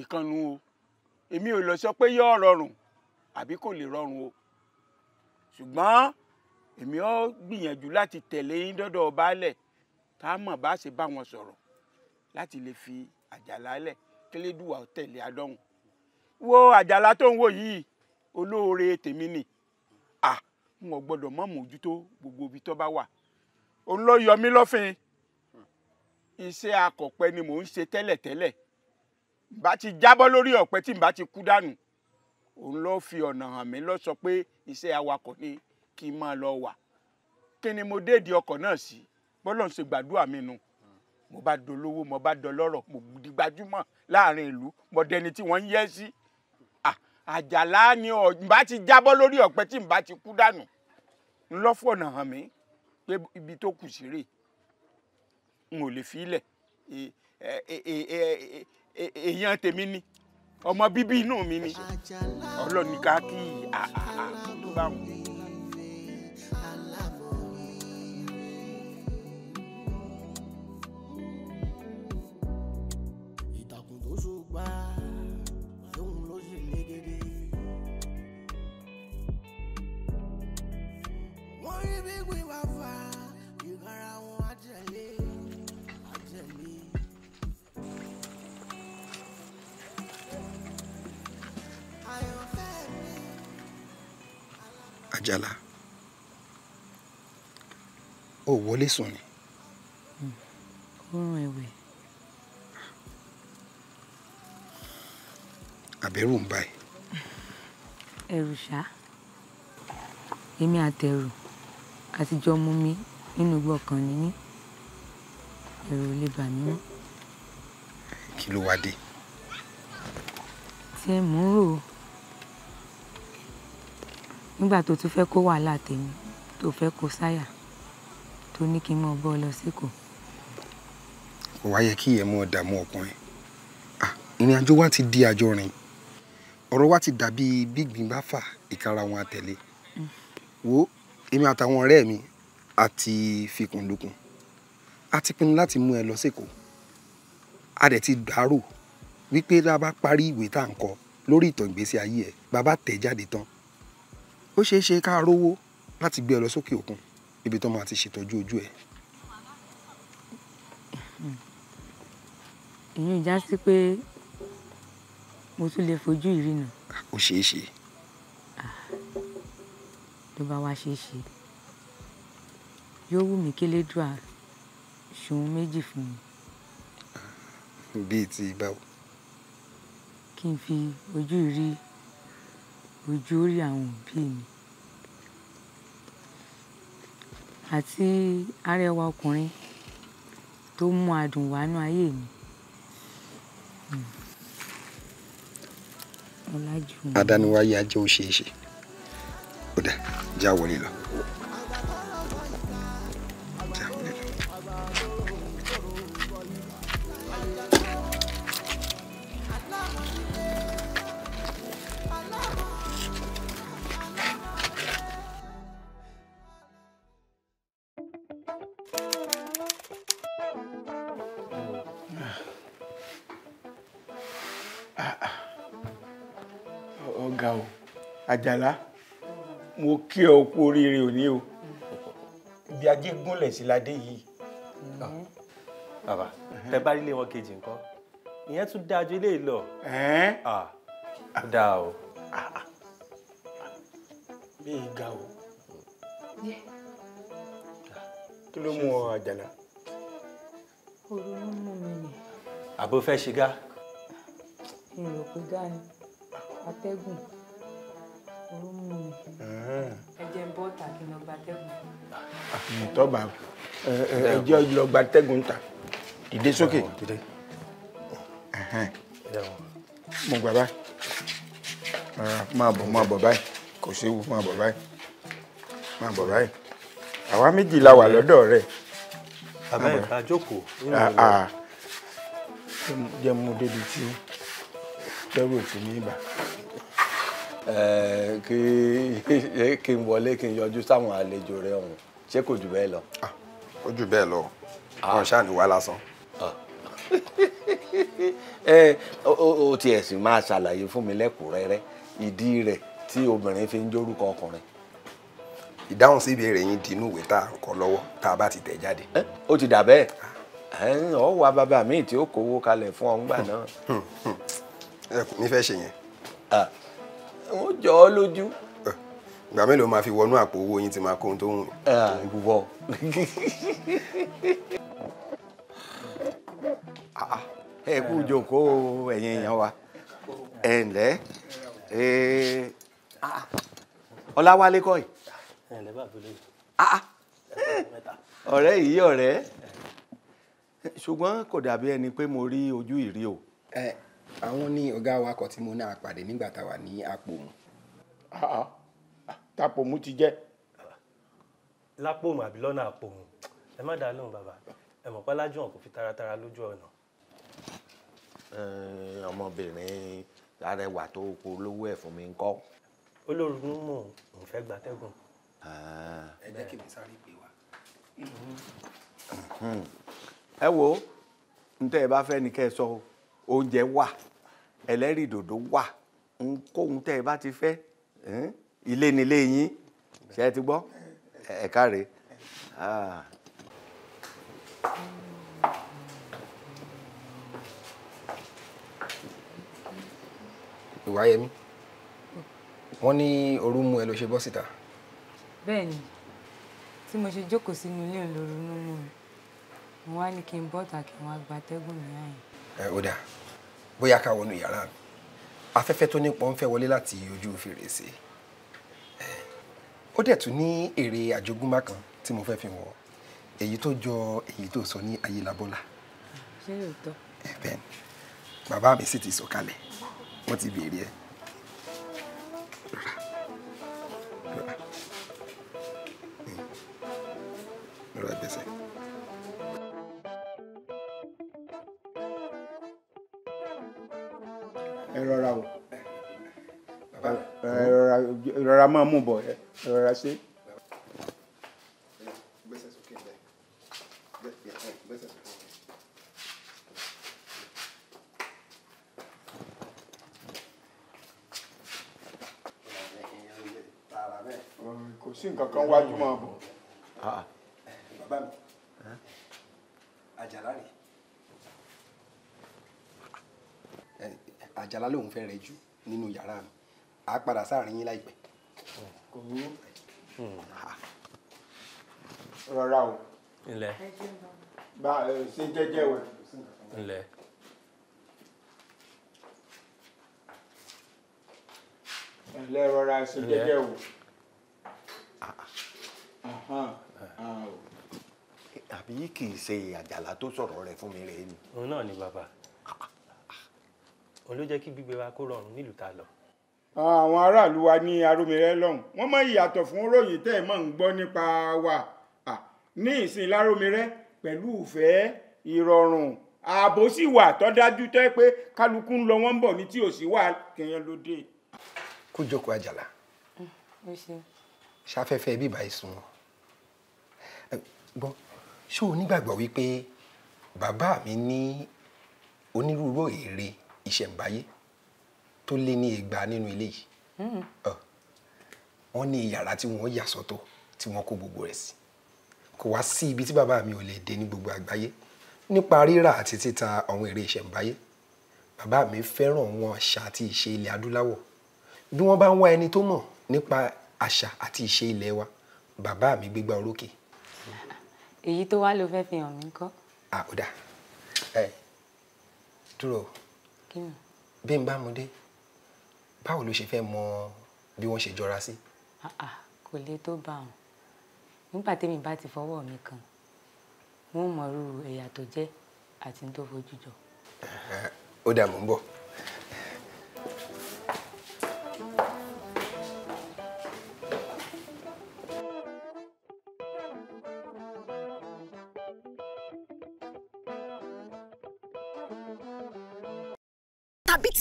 ìkànnù o èmi ò lọ sọ pé yóò rọrùn àbí kò lè rọrùn o ṣùgbọ́n èmi ó gbìyànjú láti tẹ̀lé yín dọ́dọ̀ baálẹ̀ tá a mọ̀ bá ṣe bá wọn sọ̀rọ̀ láti lè fi àjàlá lẹ̀ kélédùwà ó tẹ̀lé adọ́hùn wo àjàlá tó ń wò yìí olóore tèmi nì à n ò gbọ́dọ̀ mọ̀ mójútó gbogbo ibi tó bá wà òun ló yọ mí lọ́fìn iṣẹ́ akọ̀pẹ ni mò ń ṣe tẹ́lẹ̀tẹ́lẹ̀ bá ti jábọ́ lórí ọ̀pẹ tí n bá ti kú dànù òun ló fi ọ̀nà hàn mí ló sọ pé iṣẹ́ awakọ̀ ni kí n máa lọ wà kí ni mo déèdì ọkọ̀ náà sí bọ́lọ̀ ń ṣe gbàdúrà mi nu mo bá dolówó mo bá dọlọ́rọ̀ mo di gbajúmọ̀ láàrin ìlú mo dẹni tí wọ́n ń yẹ́ sí àjàlá ni ọ̀ n bá ti jábọ́ lórí ọ̀pẹ tí n bá ti kú dànù ń lọ́ fọ̀nà hàn mí pé ibi tó kù sí rèé n ò lè fi í E, èèyàn tèmi ni ọmọ bíbí inú mi ni ọlọ́ni ká kí àà bá wù. wọ́n rí bí gbé fà ìkara wọn. àjàlá ò wọlé sùn ni. oorun ẹ̀wẹ̀. àbẹ̀rù ń báyìí. ẹ̀rù ṣá èmi àtẹ̀rù àtijọ́ mú mi nínú gbọ̀ngàn níní ẹ̀rù ò lè bà mí mọ́. kí ló wá dé. tí ẹ mú rò ó nígbà tó tún fẹ́ kó wàhálà tèmi tó fẹ́ kó sáyà tó ní kí n mọ bọ́ lọ síkò. kò wá yẹ kí ìyẹn mọ dààmú ọkùnrin ìrìn àjò wa ti di àjọ rìn ọ̀rọ̀ wa ti dàbí gbígbìn bá fà ìkara wọn àtẹ̀lé mm. wo èmi àtàwọn ọ̀rẹ́ mi àti fikùnlukùn a ti pinnu láti mú ẹ lọ sẹ́kọ̀ọ́ a dẹ̀ ti dàárò wípé tá a bá parí ìwé tá à ń kọ lórí ìtàn ìgbésí ayé ẹ bàbá tẹ̀ jáde tán ó ṣeé ṣe ká rówó láti gbé ọ lọ sókè òkun ibi tó máa ti ṣètọ́jú ojú ẹ. ìyẹn já sí pé mo tún lè fojú ìrìnà. ó ṣeé ṣe. Ah, ló bá wá ṣeé ṣe yóò wù mí kí Elédùà ṣòun méjì fún mi. bíi ti báwo. kí n fi ojú rí ojú rí àwọn òbí mi àti arẹwà ọkùnrin tó mú adùn wánú ayé mi. Hmm. adániwáyé ajé ó ṣeé ṣe ó dà já wọlé lọ. àjàlá mo kí ọ kú oríire òní o ibi ajé gúnlẹ̀ sí ládé yìí. Ah, bàbá tẹ bá rí ilé wọn kejì nǹkan ìyẹn tún dáa ju eléyìí lọ. Ah, ó dáa o. Ah, bí ìga o kí ló mú ọ àjàlá. òru ló mú mi nì. àbò fẹ́ ṣe gá. èrò pé gá ni atẹ́gùn ooru ta kí n lọ gba tẹ́gùn. àmì tọ́ba ẹ̀jẹ̀ lọ gba tẹ́gùn ta dìde sókè mo gbà báyìí máa bọ̀ máa bọ̀ báyìí kò séwu máa bọ̀ báyìí máa bọ̀ báyìí àwa méjì la wà lọ́dọ̀ rẹ̀. abẹ́ ìka jókòó. jẹ́ mu débi tí tẹ́rù òfin ní ibà kí kí n wọlé kí n yọjú sáwọn àlejò rẹ ọ̀hún ṣé kò jù bẹ́ẹ̀ lọ. ó ah, jù bẹ́ẹ̀ lọ wọn ah. ṣáà ní wá lásán. Ah. o tiẹ̀ sì máa ṣàlàyé fún mi lẹ́kùnrẹ́rẹ́ ìdí rẹ̀ tí obìnrin fi ń jórúkọ ọkùnrin. ìdáhùn sí ìbéèrè yín di inú ìwé tá a kọ lọ́wọ́ tá a bá ti tẹ̀ jáde. ó ti dà bẹ́ẹ̀ ọ wá bàbá mi tí ó kówó kalẹ̀ fún ọ ńgbà náà. Hmm, hmm, hmm. ẹ kò ní fẹ́ ṣe yẹn wọ́n jọ ọ́ lójú. ìgbà mélòó máa fi wọnú àpò owó yín ti máa kó ohun tó ń. ìwọ. Ah, ẹ kú jókòó ẹ̀yin èèyàn wa ẹ ǹlẹ́ ah, ọláwálé kọ́ yìí. Ah, ọ̀rẹ́ yìí ọ̀rẹ́ ṣùgbọ́n kò dàbí ẹni pé mo rí ojú ìrí o. àwọn ní ọgá awakọ tí mo náà pàdé nígbà wà ní àpòmù. Ah, ah, ah, ti jẹ́. lápòmù àbí lọ́nà àpòmù ẹ má dáa bàbá ẹ mọ̀ pé kò fi lójú ọ̀nà. Eh, ọmọbìnrin arẹwà tó polówó ẹ̀ fún mi ń mò ń fẹ́ gbatẹ́gùn. ẹ jẹ́ kí hmm. oúnjẹ wà ẹlẹ́rìí dòdò wà nkóhun tẹ́ ẹ bá ti fẹ́ ilé nílé yín ṣe é ti gbọ́ ẹ káre. Ah. ìwáyẹmí wọ́n ní òru mú ẹ ló ṣe bọ́ síta. bẹ́ẹ̀ ni tí mo ṣe jókòó sínú ilé ìlú ronú mú mi mo wá ní kí n bọ́ta kí n wá gbatẹ́gùn mi láyìn ẹ ó dà bóyá ká wọnú yàrá mi afẹ́fẹ́ tó nípọn ń fẹ́ wọlé láti ojú fèrèsé ó dẹ̀ tún ní èrè àjogúnbá kan tí mo fẹ́ fi wọ̀ èyí tó jọ èyí tó sọ ní ayélabọ́lá bẹ́ẹ̀ ni bàbá mi sì ti sọ̀kalẹ̀ wọ́n ti béèrè ẹ̀ máa mú bọ̀ ẹ rọra ṣe. kò sí nǹkan kan wájú máa bọ̀. bàbá mi àjàlá rèé. àjàlá lòun fẹ́ rẹ̀ jù nínú yàrá mi àá padà sáàrin yín láìpẹ́ kò burú rọra o ǹlẹ́ bá ṣe jẹ́jẹ́ wẹ̀ ǹlẹ́. ǹlẹ́ rọra ṣe jẹ́jẹ́ wò ah. ah. ah, àbí kì í ṣe àjàlá tó sọ̀rọ̀ rẹ̀ fún mi rèé ni. òun náà ni bàbá òun ló jẹ́ kí gbígbé wa kó rọrùn nílùú ta lọ àwọn aráàlú wa ní aromire lọ́hùn wọ́n mọ ìyàtọ̀ fún ròyìn tẹ́ ẹ̀ mọ̀ ń gbọ́ nípa wa ní ìsìn láromire pẹ̀lú ìfẹ́ ìrọ̀rùn ààbò sì wà tó dájú tẹ́ pé kálukú ń lọ wọ́n ń bọ̀ ní tí ò sí wà kẹyàn lóde. kó jókòó àjàlá mm, ṣafẹ́fẹ́ bíbá ìsun gbọ́ ṣó o nígbàgbọ́ wípé bàbá mi ní onírúurú èrè ìṣẹ̀ǹbáyé tó lé ní igba nínú ilé yìí hmm. wọ́n ní yàrá tí wọ́n yà sọ́tọ̀ tí wọ́n kó gbogbo rẹ̀ sí kò wá sí ibi tí bàbá mi ò lè dé ní gbogbo àgbáyé nípa rírà àti títa àwọn èrè ìṣẹ̀ǹbáyé bàbá mi fẹ́ràn wọn àṣà àti ìṣe ilẹ̀ adúláwọ̀ bí wọ́n bá ń wá ẹni tó mọ̀ nípa àṣà àti ìṣe ilẹ̀ wa bàbá mi gbégbá orókè. èyí tó wá ló fẹ́ fi hàn mí kọ́. àkùdà ẹ dúró bí n bá mu dé báwo ló ṣe fẹ́ mọ bí wọ́n ṣe jọra sí. kò lè tó bá wọn nígbà tẹ́mi bá ti fọwọ́ mi kàn wọ́n mọ̀rú ẹ̀yà tó jẹ́ àti tó fojú jọ. ó dà mọ́ ń bọ̀.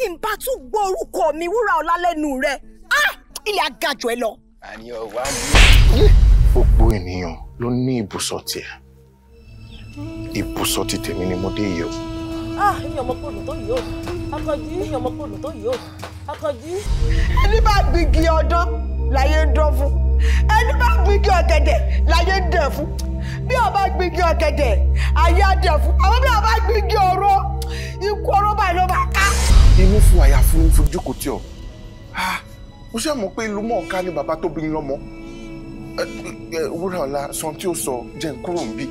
tí n bá tún gbọ́ orúkọ mi wúrà ọlá lẹ́nu rẹ ah! ilé agajọ ẹ lọ. àní ọwá mi. gbogbo ènìyàn ló ní ibùsọ̀ tiẹ̀ ibùsọ̀ ti tèmi ni mo dé yìí o. ah èmi ọmọ kò lù tó yìí o akọjú èmi ọmọ kò lù tó yìí o akọjú. ẹni bá gbígi ọdán láyé ń dán fún ẹni bá gbígi ọ̀gẹ̀dẹ̀ láyé ń dẹ̀ fún bí ọba gbígi ọ̀gẹ̀dẹ̀ ayé á dẹ̀ fún àwọn bí ọba gbígi ọ̀rọ̀ ikú ọ̀rọ̀ báyìí ló bá ká inú fún àyà fún fojú kò tí ọ mo ṣe mọ̀ pé ìlú mọ̀ọ́ká ni bàbá tó bí lọ́mọ wúrà ọ̀la san tí ó sọ jẹ́ n kúrò ń bí.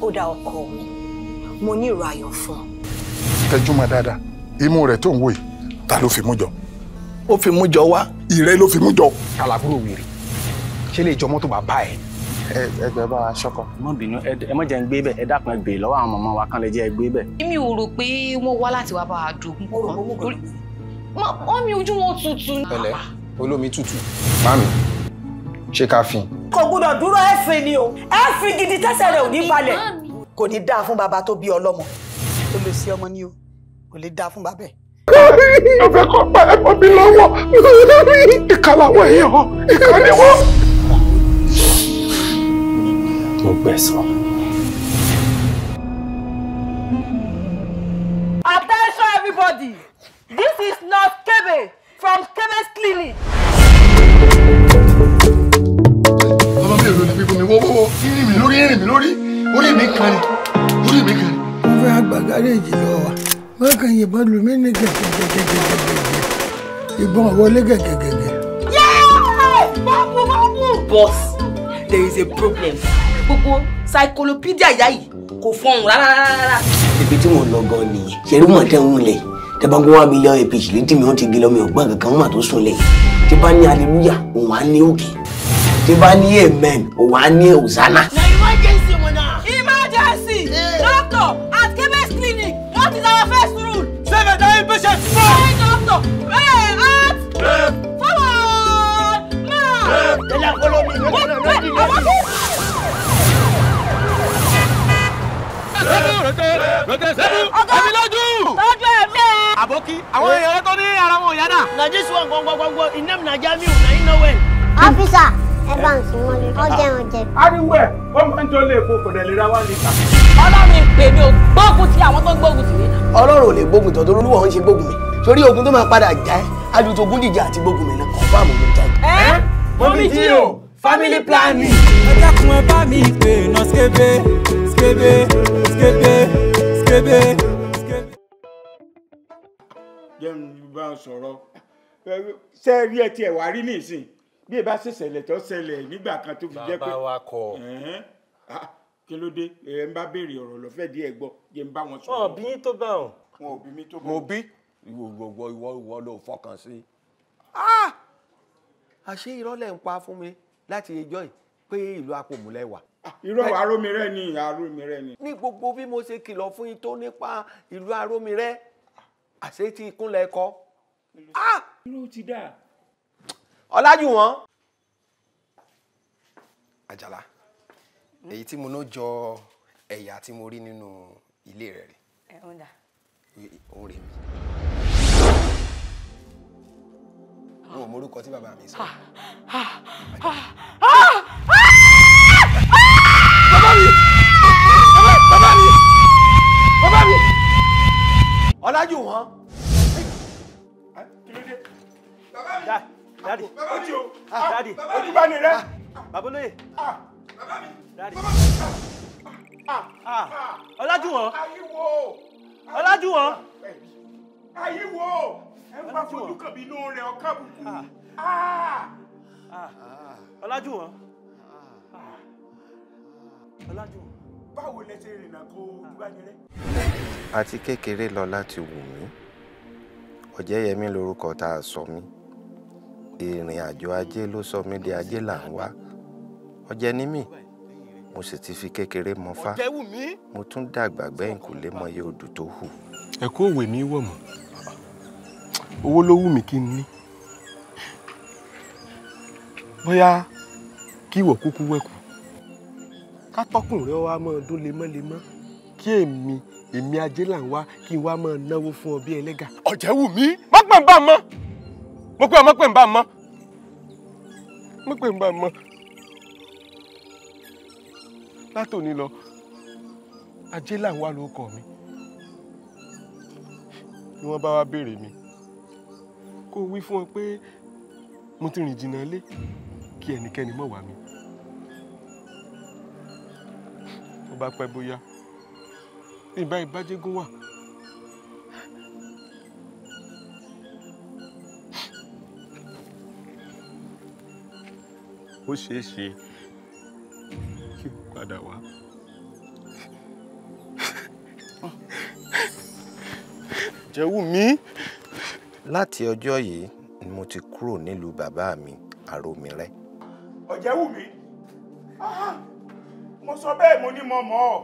ó dá ọkọ mi mo ní ìrọ̀ ayọ̀ fún un. tẹjú ma dáadáa imú rẹ tó ń wò yìí ta ló fi mú jọ. ó fi mú jọ wá ìrẹ́ ló fi mú jọ. kàlàbúrò wèrè ṣé lè jọ mọ́tò bàbá ẹ̀ ẹgbẹ́ bá wa ṣọ́kọ. ẹ má bínú ẹ má jẹ́ ń gbé bẹ́ẹ̀ ẹ dákun ẹ bèè lọ́wọ́ àwọn ọmọ wa kan lè jẹ́ ẹ gbé bẹ́ẹ̀. èmi ò rò pé wọ́n wá láti wá bá a dogun kan wọ́n mi ojú wọn tutù. pẹ̀lẹ́ olómi tutù. mami ṣé ká fin. kò gbúdọ̀ dúró ẹ fin ni o ẹ fin gidi tẹ́sẹ̀ rẹ̀ ò ní balẹ̀ kò ní dáa fún bàbá tó bí ọlọ́mọ ó lè sí ọmọ ni o kò lè dáa fún bàbá ẹ̀ ọ̀fẹ́ kọ́ pa ẹ̀kọ́ mi lọ́wọ́ ìkàlà àwọn èèyàn ìkànnì wọn mo gbẹ̀san. attention everybody this is nurse Kebe from Kebe's clinic. ọmọ mi ò lórí bíbú mi wọ́wọ́wọ́ irin mi lórí irin mi lórí orí mi kan orí mi kan mo fẹ́ agbágáréjì lọ wa yìnbọn lù mí ní gẹ̀gẹ̀gẹ̀gẹ̀gẹ̀ ìbọn wọlé gẹ̀gẹ̀gẹ̀gẹ̀. yẹ́ẹ̀ bọ́ọ̀bù bọ́ọ̀bù. boss there is a problem gbogbo encyclopedia ìyá yìí kò fọhùn rárá rárá. ibi tí mo lọ gan ni ṣerú mọ̀ tẹ́ ń wulẹ̀ tẹ́ bá gbọ́ wá mi lọ èpè ìṣìlẹ̀ tí mi wọ́n ti gé lọ́mọ ìgbà kankan mà tó sunlẹ̀ tí bá ní hallelujah òun á ní òkè tí bá ní amen òun á ní òsánà. emergency eh. doctor at Kebes clinic what is our first rule. seven dying patients. hey doctor. Hey. ọgá ẹbí lójú. tọ́jú ẹ̀mí ẹ̀. àbókí àwọn èèyàn tó ní ara wọn yàrá. nàjí sùn gbọngbọngbọngbọ iná mi nàjà mi ò náà iná wẹ̀. ọ́fíìsà ẹ bá ń sùn wọn ni ọjà ń jẹ. ariwo ẹ wọn máa ń jọ lé epo kò dẹ̀ lè ra wá níta. ọlọ́run ìpè mi ò gbógun ti àwọn tó ń gbógun tì mí. ọlọ́run ò lè gbógun tọ́ torí olúwa ń ṣe gbógun mi torí ogun tó máa padà já ẹ ajuto ogun jíjà àti gbógun mi náà confam ló ń jáde. ẹ mọ́mí jí o family planning. ẹ dákun ẹ bá mi pè náà skébé skébé skébé skébé skébé. jẹ́ mi bá ń sọ̀rọ̀ ṣé rí ẹ tiẹ̀ wá rí nísìn bí ẹ bá ṣe ṣẹlẹ̀ tó ṣẹlẹ̀ nígbà kan tó fi jẹ́ pé. bàbá wa kọ. kí ló dé ẹ ń bá béèrè ọ̀rọ̀ lọ́fẹ̀ẹ́ díẹ̀ gbọ́ jẹ́ ń bá wọn sọ̀rọ̀. wọn yín tó bá wọn. wọn ò bí mi tó bá wọn. mo bí ìwọ ìwọ ìwọ ló fọkàn sí. àṣé irọ́ lẹ̀ ń pa fún mi láti ẹjọ́ yìí pé ìlú apòmùlẹ̀ wà irọ́ arómirẹ́ ni arómirẹ́ ni. ní gbogbo bí mo ṣe kìlọ̀ fún yín tó nípa ìlú arómirẹ́ àṣé tí ìkúnlẹ̀ ẹ̀kọ́. Ah! irú ti dà. ọlájúwọ̀n. àjàlá èyí tí mo ná jọ ẹ̀yà tí mo rí nínú ilé rẹ̀ rí. ẹ̀ ń dà. òun rè mí. n ò mọ tí bàbá mi sọ. Ah! Ah! bàbá mi ọ̀làjú wọn. dadi ojú o ah, ah, dadi ojú bá ní rẹ. Ah. babolóye dadi ọ̀làjú wọn ọ̀làjú wọn. Eh, ayiwo ẹ ń bá fojú kan bí inú rẹ ọkà bùkún ọ̀làjú wọn ọ̀làjú wọn báwo lẹ ṣe rìnnà kó Dìbàjẹ́rẹ́. àti kékeré lọ láti wù mí ọ̀jẹ̀yẹmí lorúkọ tá a sọ mí ìrìn àjò ajé ló sọ mí di ajé là ń wá ọ̀jẹ̀ ní mí mo sì ti fi kékeré mọ fá mo tún dàgbà gbẹ́yìn kò lè mọye odò tó hù. ẹ̀kọ́ òwe mi wọ̀ mọ́ owó ló wù mí kí n ní bóyá kí ìwọ kúkú wẹ̀kú kátọ́kùn rẹ wá máa dún lemọ́lemọ́ kí èmi èmi ajé là ń wá kí n wá máa náwó fún ọ bí ẹlẹ́gà. ọ̀jẹ̀ wù mí má pè ń bá mọ́ mo pé ọ má pè ń bá mọ́ má pè ń bá mọ́ látòní lọ ajé là ń wá ló kọ mi ni wọ́n bá wá béèrè mi kó wí fún ọ pé mo ti rìn jìnnà lé kí ẹnikẹ́ni má wá mi. bó bá pẹ́ bóyá nígbà ìbájégún wà. ó ṣeé ṣe kí n padà wá. jẹ́wù mí. láti ọjọ́ yìí ni mo ti kúrò nílùú bàbá mi àròmìrẹ́. ọ̀jẹ̀wù mi. Ah! mo sọ bẹ́ẹ̀ mo ní mo mọ̀ ọ́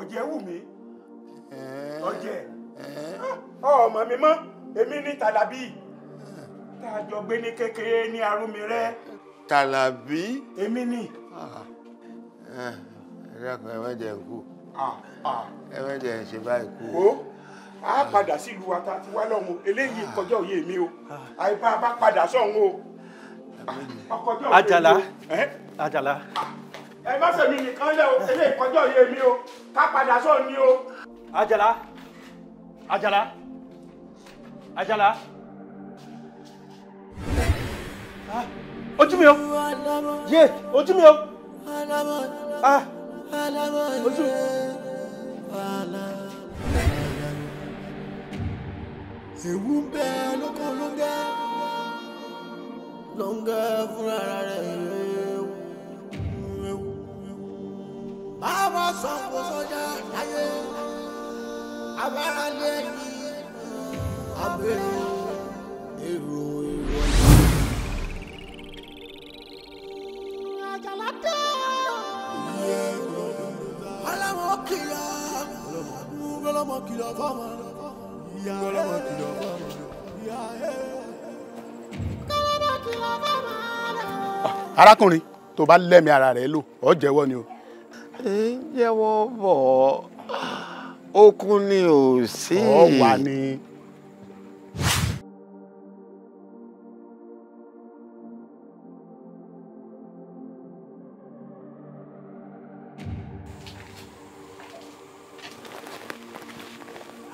ọ̀jẹ̀ wù mí ọ̀jẹ̀ ọmọ mi mọ́ èmi ní tàlàbí tá a jọ gbé ní kékeré ní arúmi rẹ. tàlàbí. èmi ni. ẹ dákun ẹ mẹ́jẹ̀ ń kú ẹ mẹ́jẹ̀ ń ṣe báyìí kú. o a padà sílùú wa ta ti wá lọ́hùn eléyìí kọjá òye mi o àìbá a bá padà sọ́hùn o. àjàlá àjàlá ẹ má ṣe mi nìkan lẹ o eléyìí kọjá òye mi o ká padà sọ ni o. Àjàlá Àjàlá Àjàlá ah, ojú mi o yé ojú mi o ah, ojú mi. ewu ń bẹ lóko lóńgẹ lóńgẹ fúnra rẹ̀. àwọn sango sọjà láyé abáralé ní abẹ́rẹ́ èrò ìwọlé. arákùnrin tó bá lẹ́mìí ara rẹ̀ lò ọ́ jẹ́wọ́ ni o. ń jẹ́wọ́ bọ̀ okun ni ò sí. ọ̀wà ni.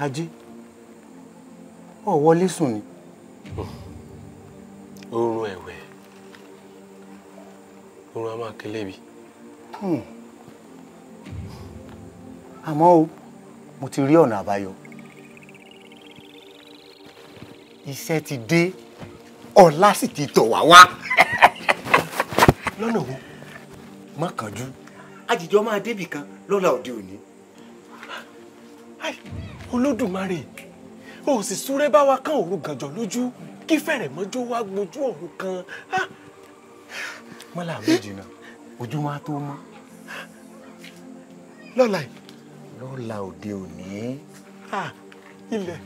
ajé ọ wọlé sùn ni. oorun ẹ̀wẹ̀ oorun a máa kélé bi. Hmm. àmọ́ o mo ti rí ọ̀nà àbáyọ iṣẹ́ ti dé ọlá sì ti tọ̀ wá wá lọ́nà wo má kánjú àjìjọ máa débì kan lọ́la òde òní. olódùmarè o sì súré bá wa kán òru gànjọ lójú kí fẹ̀rẹ̀ mọ́jọ wá gbojú ọ̀run kan. Ah! mọ́lá mi jìnnà ojú máa tó mọ́. lọ́la yìí lọ́la òde òní. ilẹ̀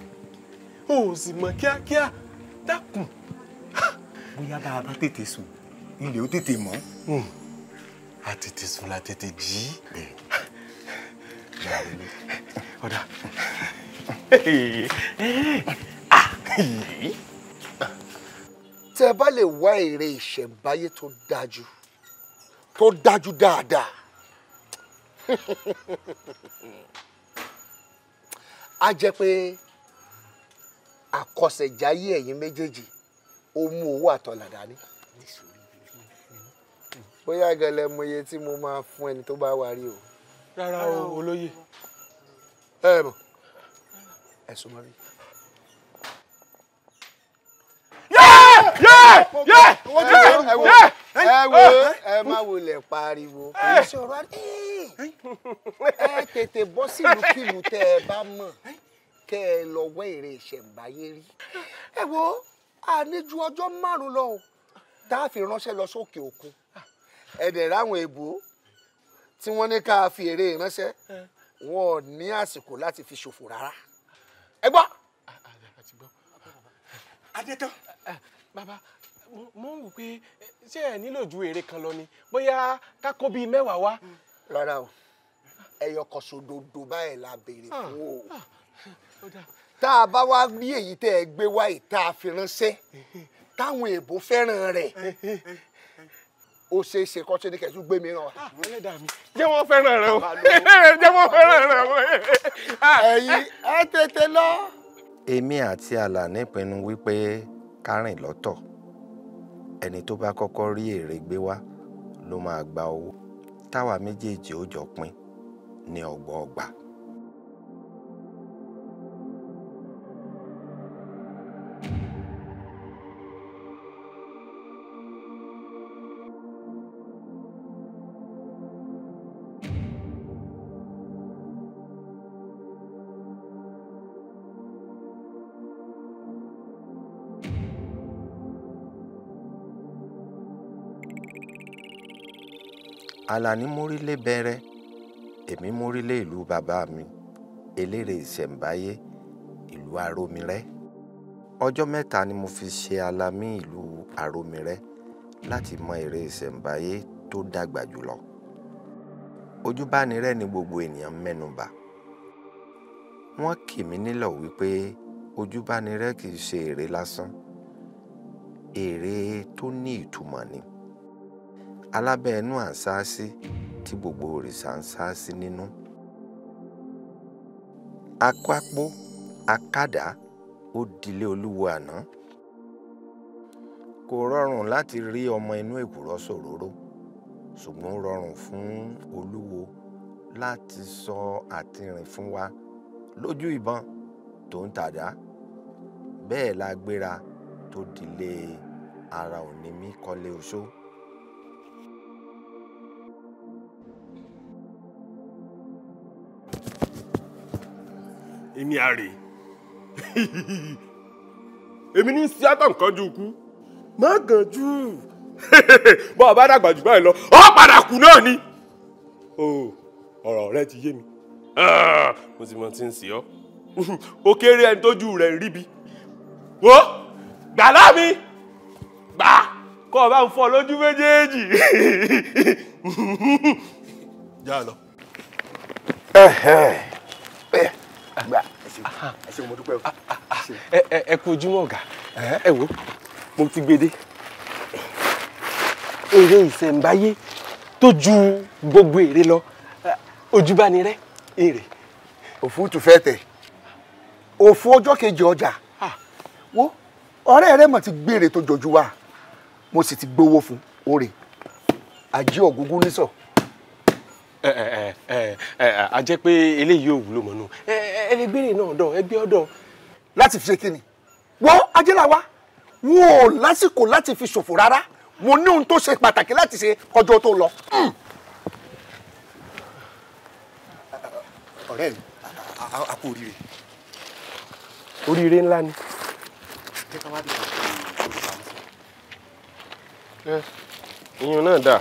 o ò sì mọ̀ kíákíá dákun. bóyá bá a bá tètè sùn ilẹ̀ ó tètè mọ́. Hmm. a tètè sùn la tètè jí. ọ̀dà tẹ́ bá lè wá èrè ìṣẹ̀ǹbáyé tó dájú tó dájú dáadáa a jẹ́ pé àkọsẹ̀jáyé ẹ̀yin méjèèjì ó owó àtọ̀là dání bóyá gẹlẹ mo tí mo máa fún ẹni tó bá wá rí o. rárá o olóyè. ẹ mọ ẹsùn mọ bí. ẹ wo ẹ má wulẹ̀ pariwo kò ní sọ̀rọ̀ ẹ ẹ tètè bọ́ sílùú kìlù tẹ́ ẹ bá mọ̀ kẹ́ ẹ lọ wẹ́ èrè ìṣẹ̀ǹbáyé rí ẹ wo àníjú ọjọ́ márùn-ún lọ o tá a fi ránṣẹ́ lọ sókè òkun ẹ̀dẹ̀ ráwọn èbó tí wọ́n ní ká fi èrè ránṣẹ́ wọn ò ní àsìkò láti fi ṣòfò rárá ẹ gbọ́. adétọ́. Ah, bàbá mo ń wò pé ṣé ẹ nílò ju èrè kan lọ ni bóyá ká kó bíi mẹ́wàá wá. Mm rárá o ẹyọ kan ṣòdodo báyìí la béèrè ah, fún o ah, tá a bá wá rí èyí tẹ́ ẹ gbé wáyé tá a fi ránṣẹ́ táwọn èèbó fẹ́ràn rẹ̀ ó ṣe é ṣe kọ́ tó ní kẹ́tù gbé mi ràn wá. Ah, jẹ́ wọ́n fẹ́ràn rẹ o jẹ́ wọ́n fẹ́ràn rẹ o. ẹ̀yin ẹ tètè lọ. èmi àti Àlàní pinnu wípé kárìn lọ́tọ̀ ẹni tó bá kọ́kọ́ rí èrè gbé wá ló máa gba owó táwa méjèèjì ó jọ pín ní ọgbọọgba. alani mórílé bẹ̀rẹ̀ èmi mórílé ìlú bàbá mi eléré ìṣẹ̀ǹbáyé ìlú arómirẹ́ ọjọ́ mẹ́ta ni mo fi ṣe alamí ìlú arómirẹ́ láti mọ èrè ìṣẹ̀ǹbáyé tó dàgbà jùlọ ojúbánirẹ́ ni gbogbo ènìyàn mẹ́nubà wọ́n kì mí nílọ̀ wípé ojúbánirẹ́ kì í ṣe èrè lásán èrè tó ní ìtumọ̀ ni. Ere alábẹ́ ẹnu àṣáásí tí gbogbo òrìṣà ń ṣáásí nínú. akápó akádá ó dilé olúwo àná. kò rọrùn láti rí ọmọ inú èkùrọ́ ṣòróró ṣùgbọ́n ó rọrùn fún olúwo láti sọ àtìrìn fún wa lójú ìbọn tó ń tàdá bẹ́ẹ̀ la gbéra tó dilé ara òní mi kọ́lé oṣó. èmi àrè èmi ní síátọ̀ nǹkan ju ikú má gàn jù bọ́ ọ bá dàgbà jù báyìí lọ ọ padà kú náà ni ọ̀rọ̀ rẹ ti yé mi ah, mo sì mọ tí ń sè ọ́ ó kéré ẹni tójú rẹ̀ ríbi wo gbàlá mi gbà kọ́ ọ bá ń fọ́ lójú méjèèjì já lọ gbà ẹ ṣe ẹ ṣe mo dúpẹ́ o. Ah, ah, ah. wo mo ti gbede eré ìṣẹ̀ǹbáyé tó ju gbogbo èrè lọ ojúbánirẹ́ èrè. òfúùtù fẹ́ tẹ̀ òfú ọjọ́ kejì ọjà wo ọ̀rẹ́ rẹ mọ̀ ti gbére tó jọjú wa mo sì ti gbowó fún oore àjí ọ̀gúngún nísọ̀ Eh, eh, eh, a jẹ́ pé eléyìí ò wúlò mọ́nú ẹlẹgbẹ́rẹ́ náà dán ẹgbẹ́ ọ̀dọ́. láti fi ṣe kí ni wọ́n ajẹ́làwá wọn ò lásìkò láti fi ṣòfò rárá mo ní ohun tó ṣe pàtàkì láti ṣe kọjọ́ tó lọ. ọ̀rẹ́ mi a kú oríire. oríire ńlá ni. jẹ́ ká wá bí ká ṣe ìyẹn náà dáa.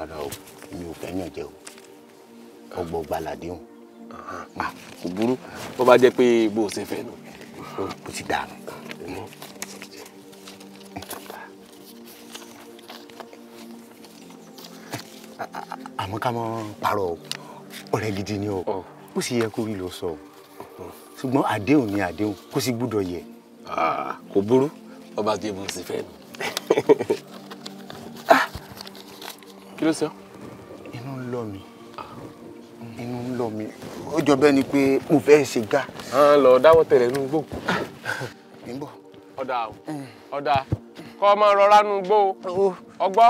rárá o mi ò fẹ́ yàn jẹ o ọgbọ̀n gbalàdé o kò burú bó bá jẹ́ pé bó o ṣe fẹ́ nù kò ti dànù. àmọ́ ká mọ́ parọ́ ọ̀rẹ́ gidi ni o bó sì yẹ kó rí lọ sọ o ṣùgbọ́n àdéhùn ni àdéhùn kó sì gbúdọ̀ yẹ. Ah, kò burú ọba tí mo sì fẹ́ nù. kí ló ṣe ọ́. inú ń lọ mi inú ń lọ mi ó jọ bẹ́ẹ̀ ni pé mo fẹ́ ṣe gá. lọ dáwọ́ tẹ̀lé inú igbó. ọ̀dà ọ̀dà kọ́ ọ máa rọra nu igbó ọgbọ́.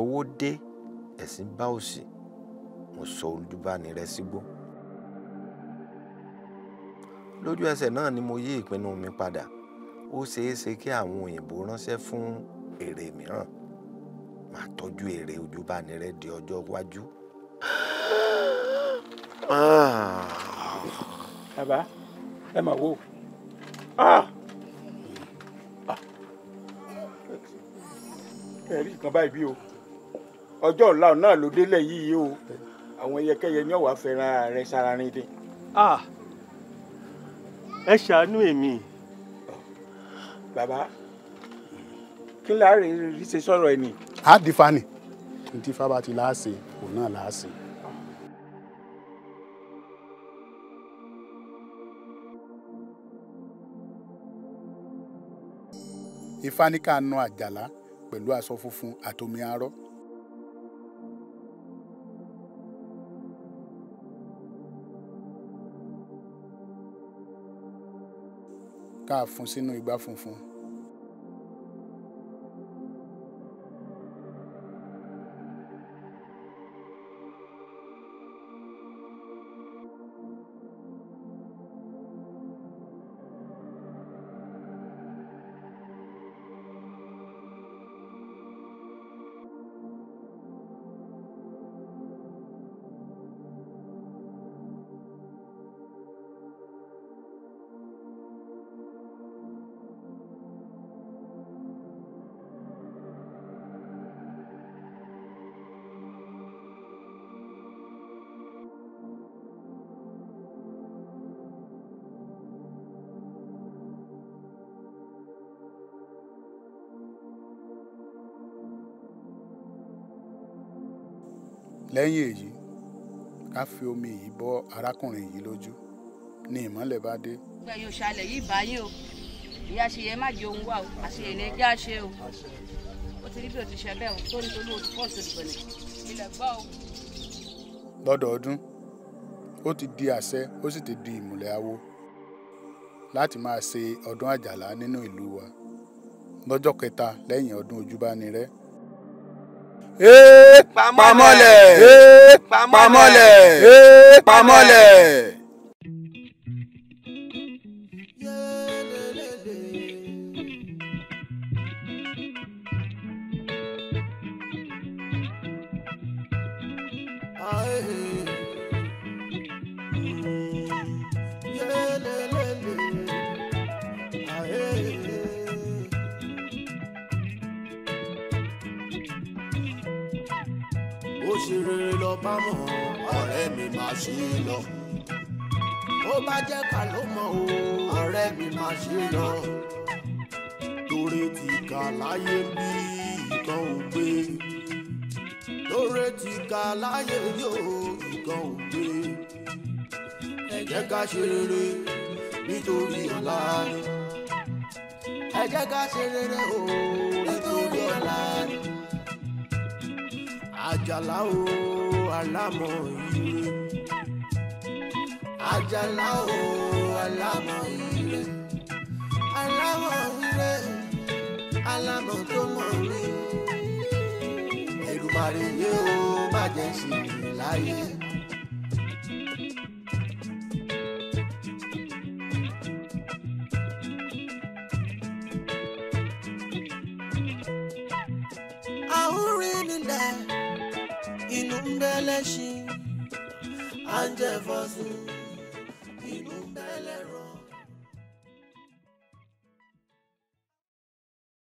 owó dé ẹ̀sìn bá òsì mo sọ olùdúbánirẹ́ sígbó. lójú ẹsẹ̀ náà ni mo yí ìpinnu mi padà ó ṣeé ṣe kí àwọn òyìnbó ránṣẹ́ fún èrè mìíràn máa tọ́jú èrè olùdúbánirẹ́ di ọjọ́ iwájú. bàbá ẹ mà wò. Ah! ẹ̀rí kan báyìí bí o ọjọ́ ọ̀la náà ló délẹ̀ yìí o àwọn ẹyẹkẹyẹ ni ọ̀wá fẹ́ràn rẹ sararin dé. ẹ ṣàánú èmi. bàbá kí láàrin rí ṣe sọ̀rọ̀ ẹ̀ nì. a di fa ni n ti fa bá ti láàṣẹ òun náà láàṣẹ. ifá ní ká nu àjàlá pẹ̀lú aṣọ funfun àtomi ká fún sínú igbá funfun lẹ́yìn èyí ká fi omi yìí bọ́ arákùnrin yìí lójú ni ìmọ́lẹ̀ bá dé. ẹgbẹ́ yóò ṣàlẹ̀ yìí báyìí o ìyá ṣe yẹ má jẹ ohun wà o àṣeyẹ ní ẹjẹ́ àṣẹ o ó ti rí bí o ti ṣe bẹ́ẹ̀ o tó ní tó lóòótọ́ pọ̀ sí ìbọ̀lẹ̀ ilẹ̀ gbọ́ o. lọ́dọọdún ó ti di àṣẹ ó sì ti di ìmùlẹ̀ awo láti máa ṣe ọdún àjàlá nínú ìlú wa lọ́jọ́ kẹta lẹ́yìn ọdún ojúbánirẹ́ pamọ́lẹ̀ pamọ́lẹ̀ pamọ́lẹ̀. láyé yóò nǹkan ò ẹ jẹ́ ká ṣe rere nítorí ọ̀la ẹ jẹ́ ká ṣe rere o nítorí ọ̀la àjàlá o alámọ̀ ire àjàlá o alámọ̀ ire alámọ̀ ire alámọ̀ tó mọ̀ rí ẹ̀rù màrí yé o jẹ́ ṣìkì láyé. àwòrán nílẹ̀ inú ń bẹ́lẹ̀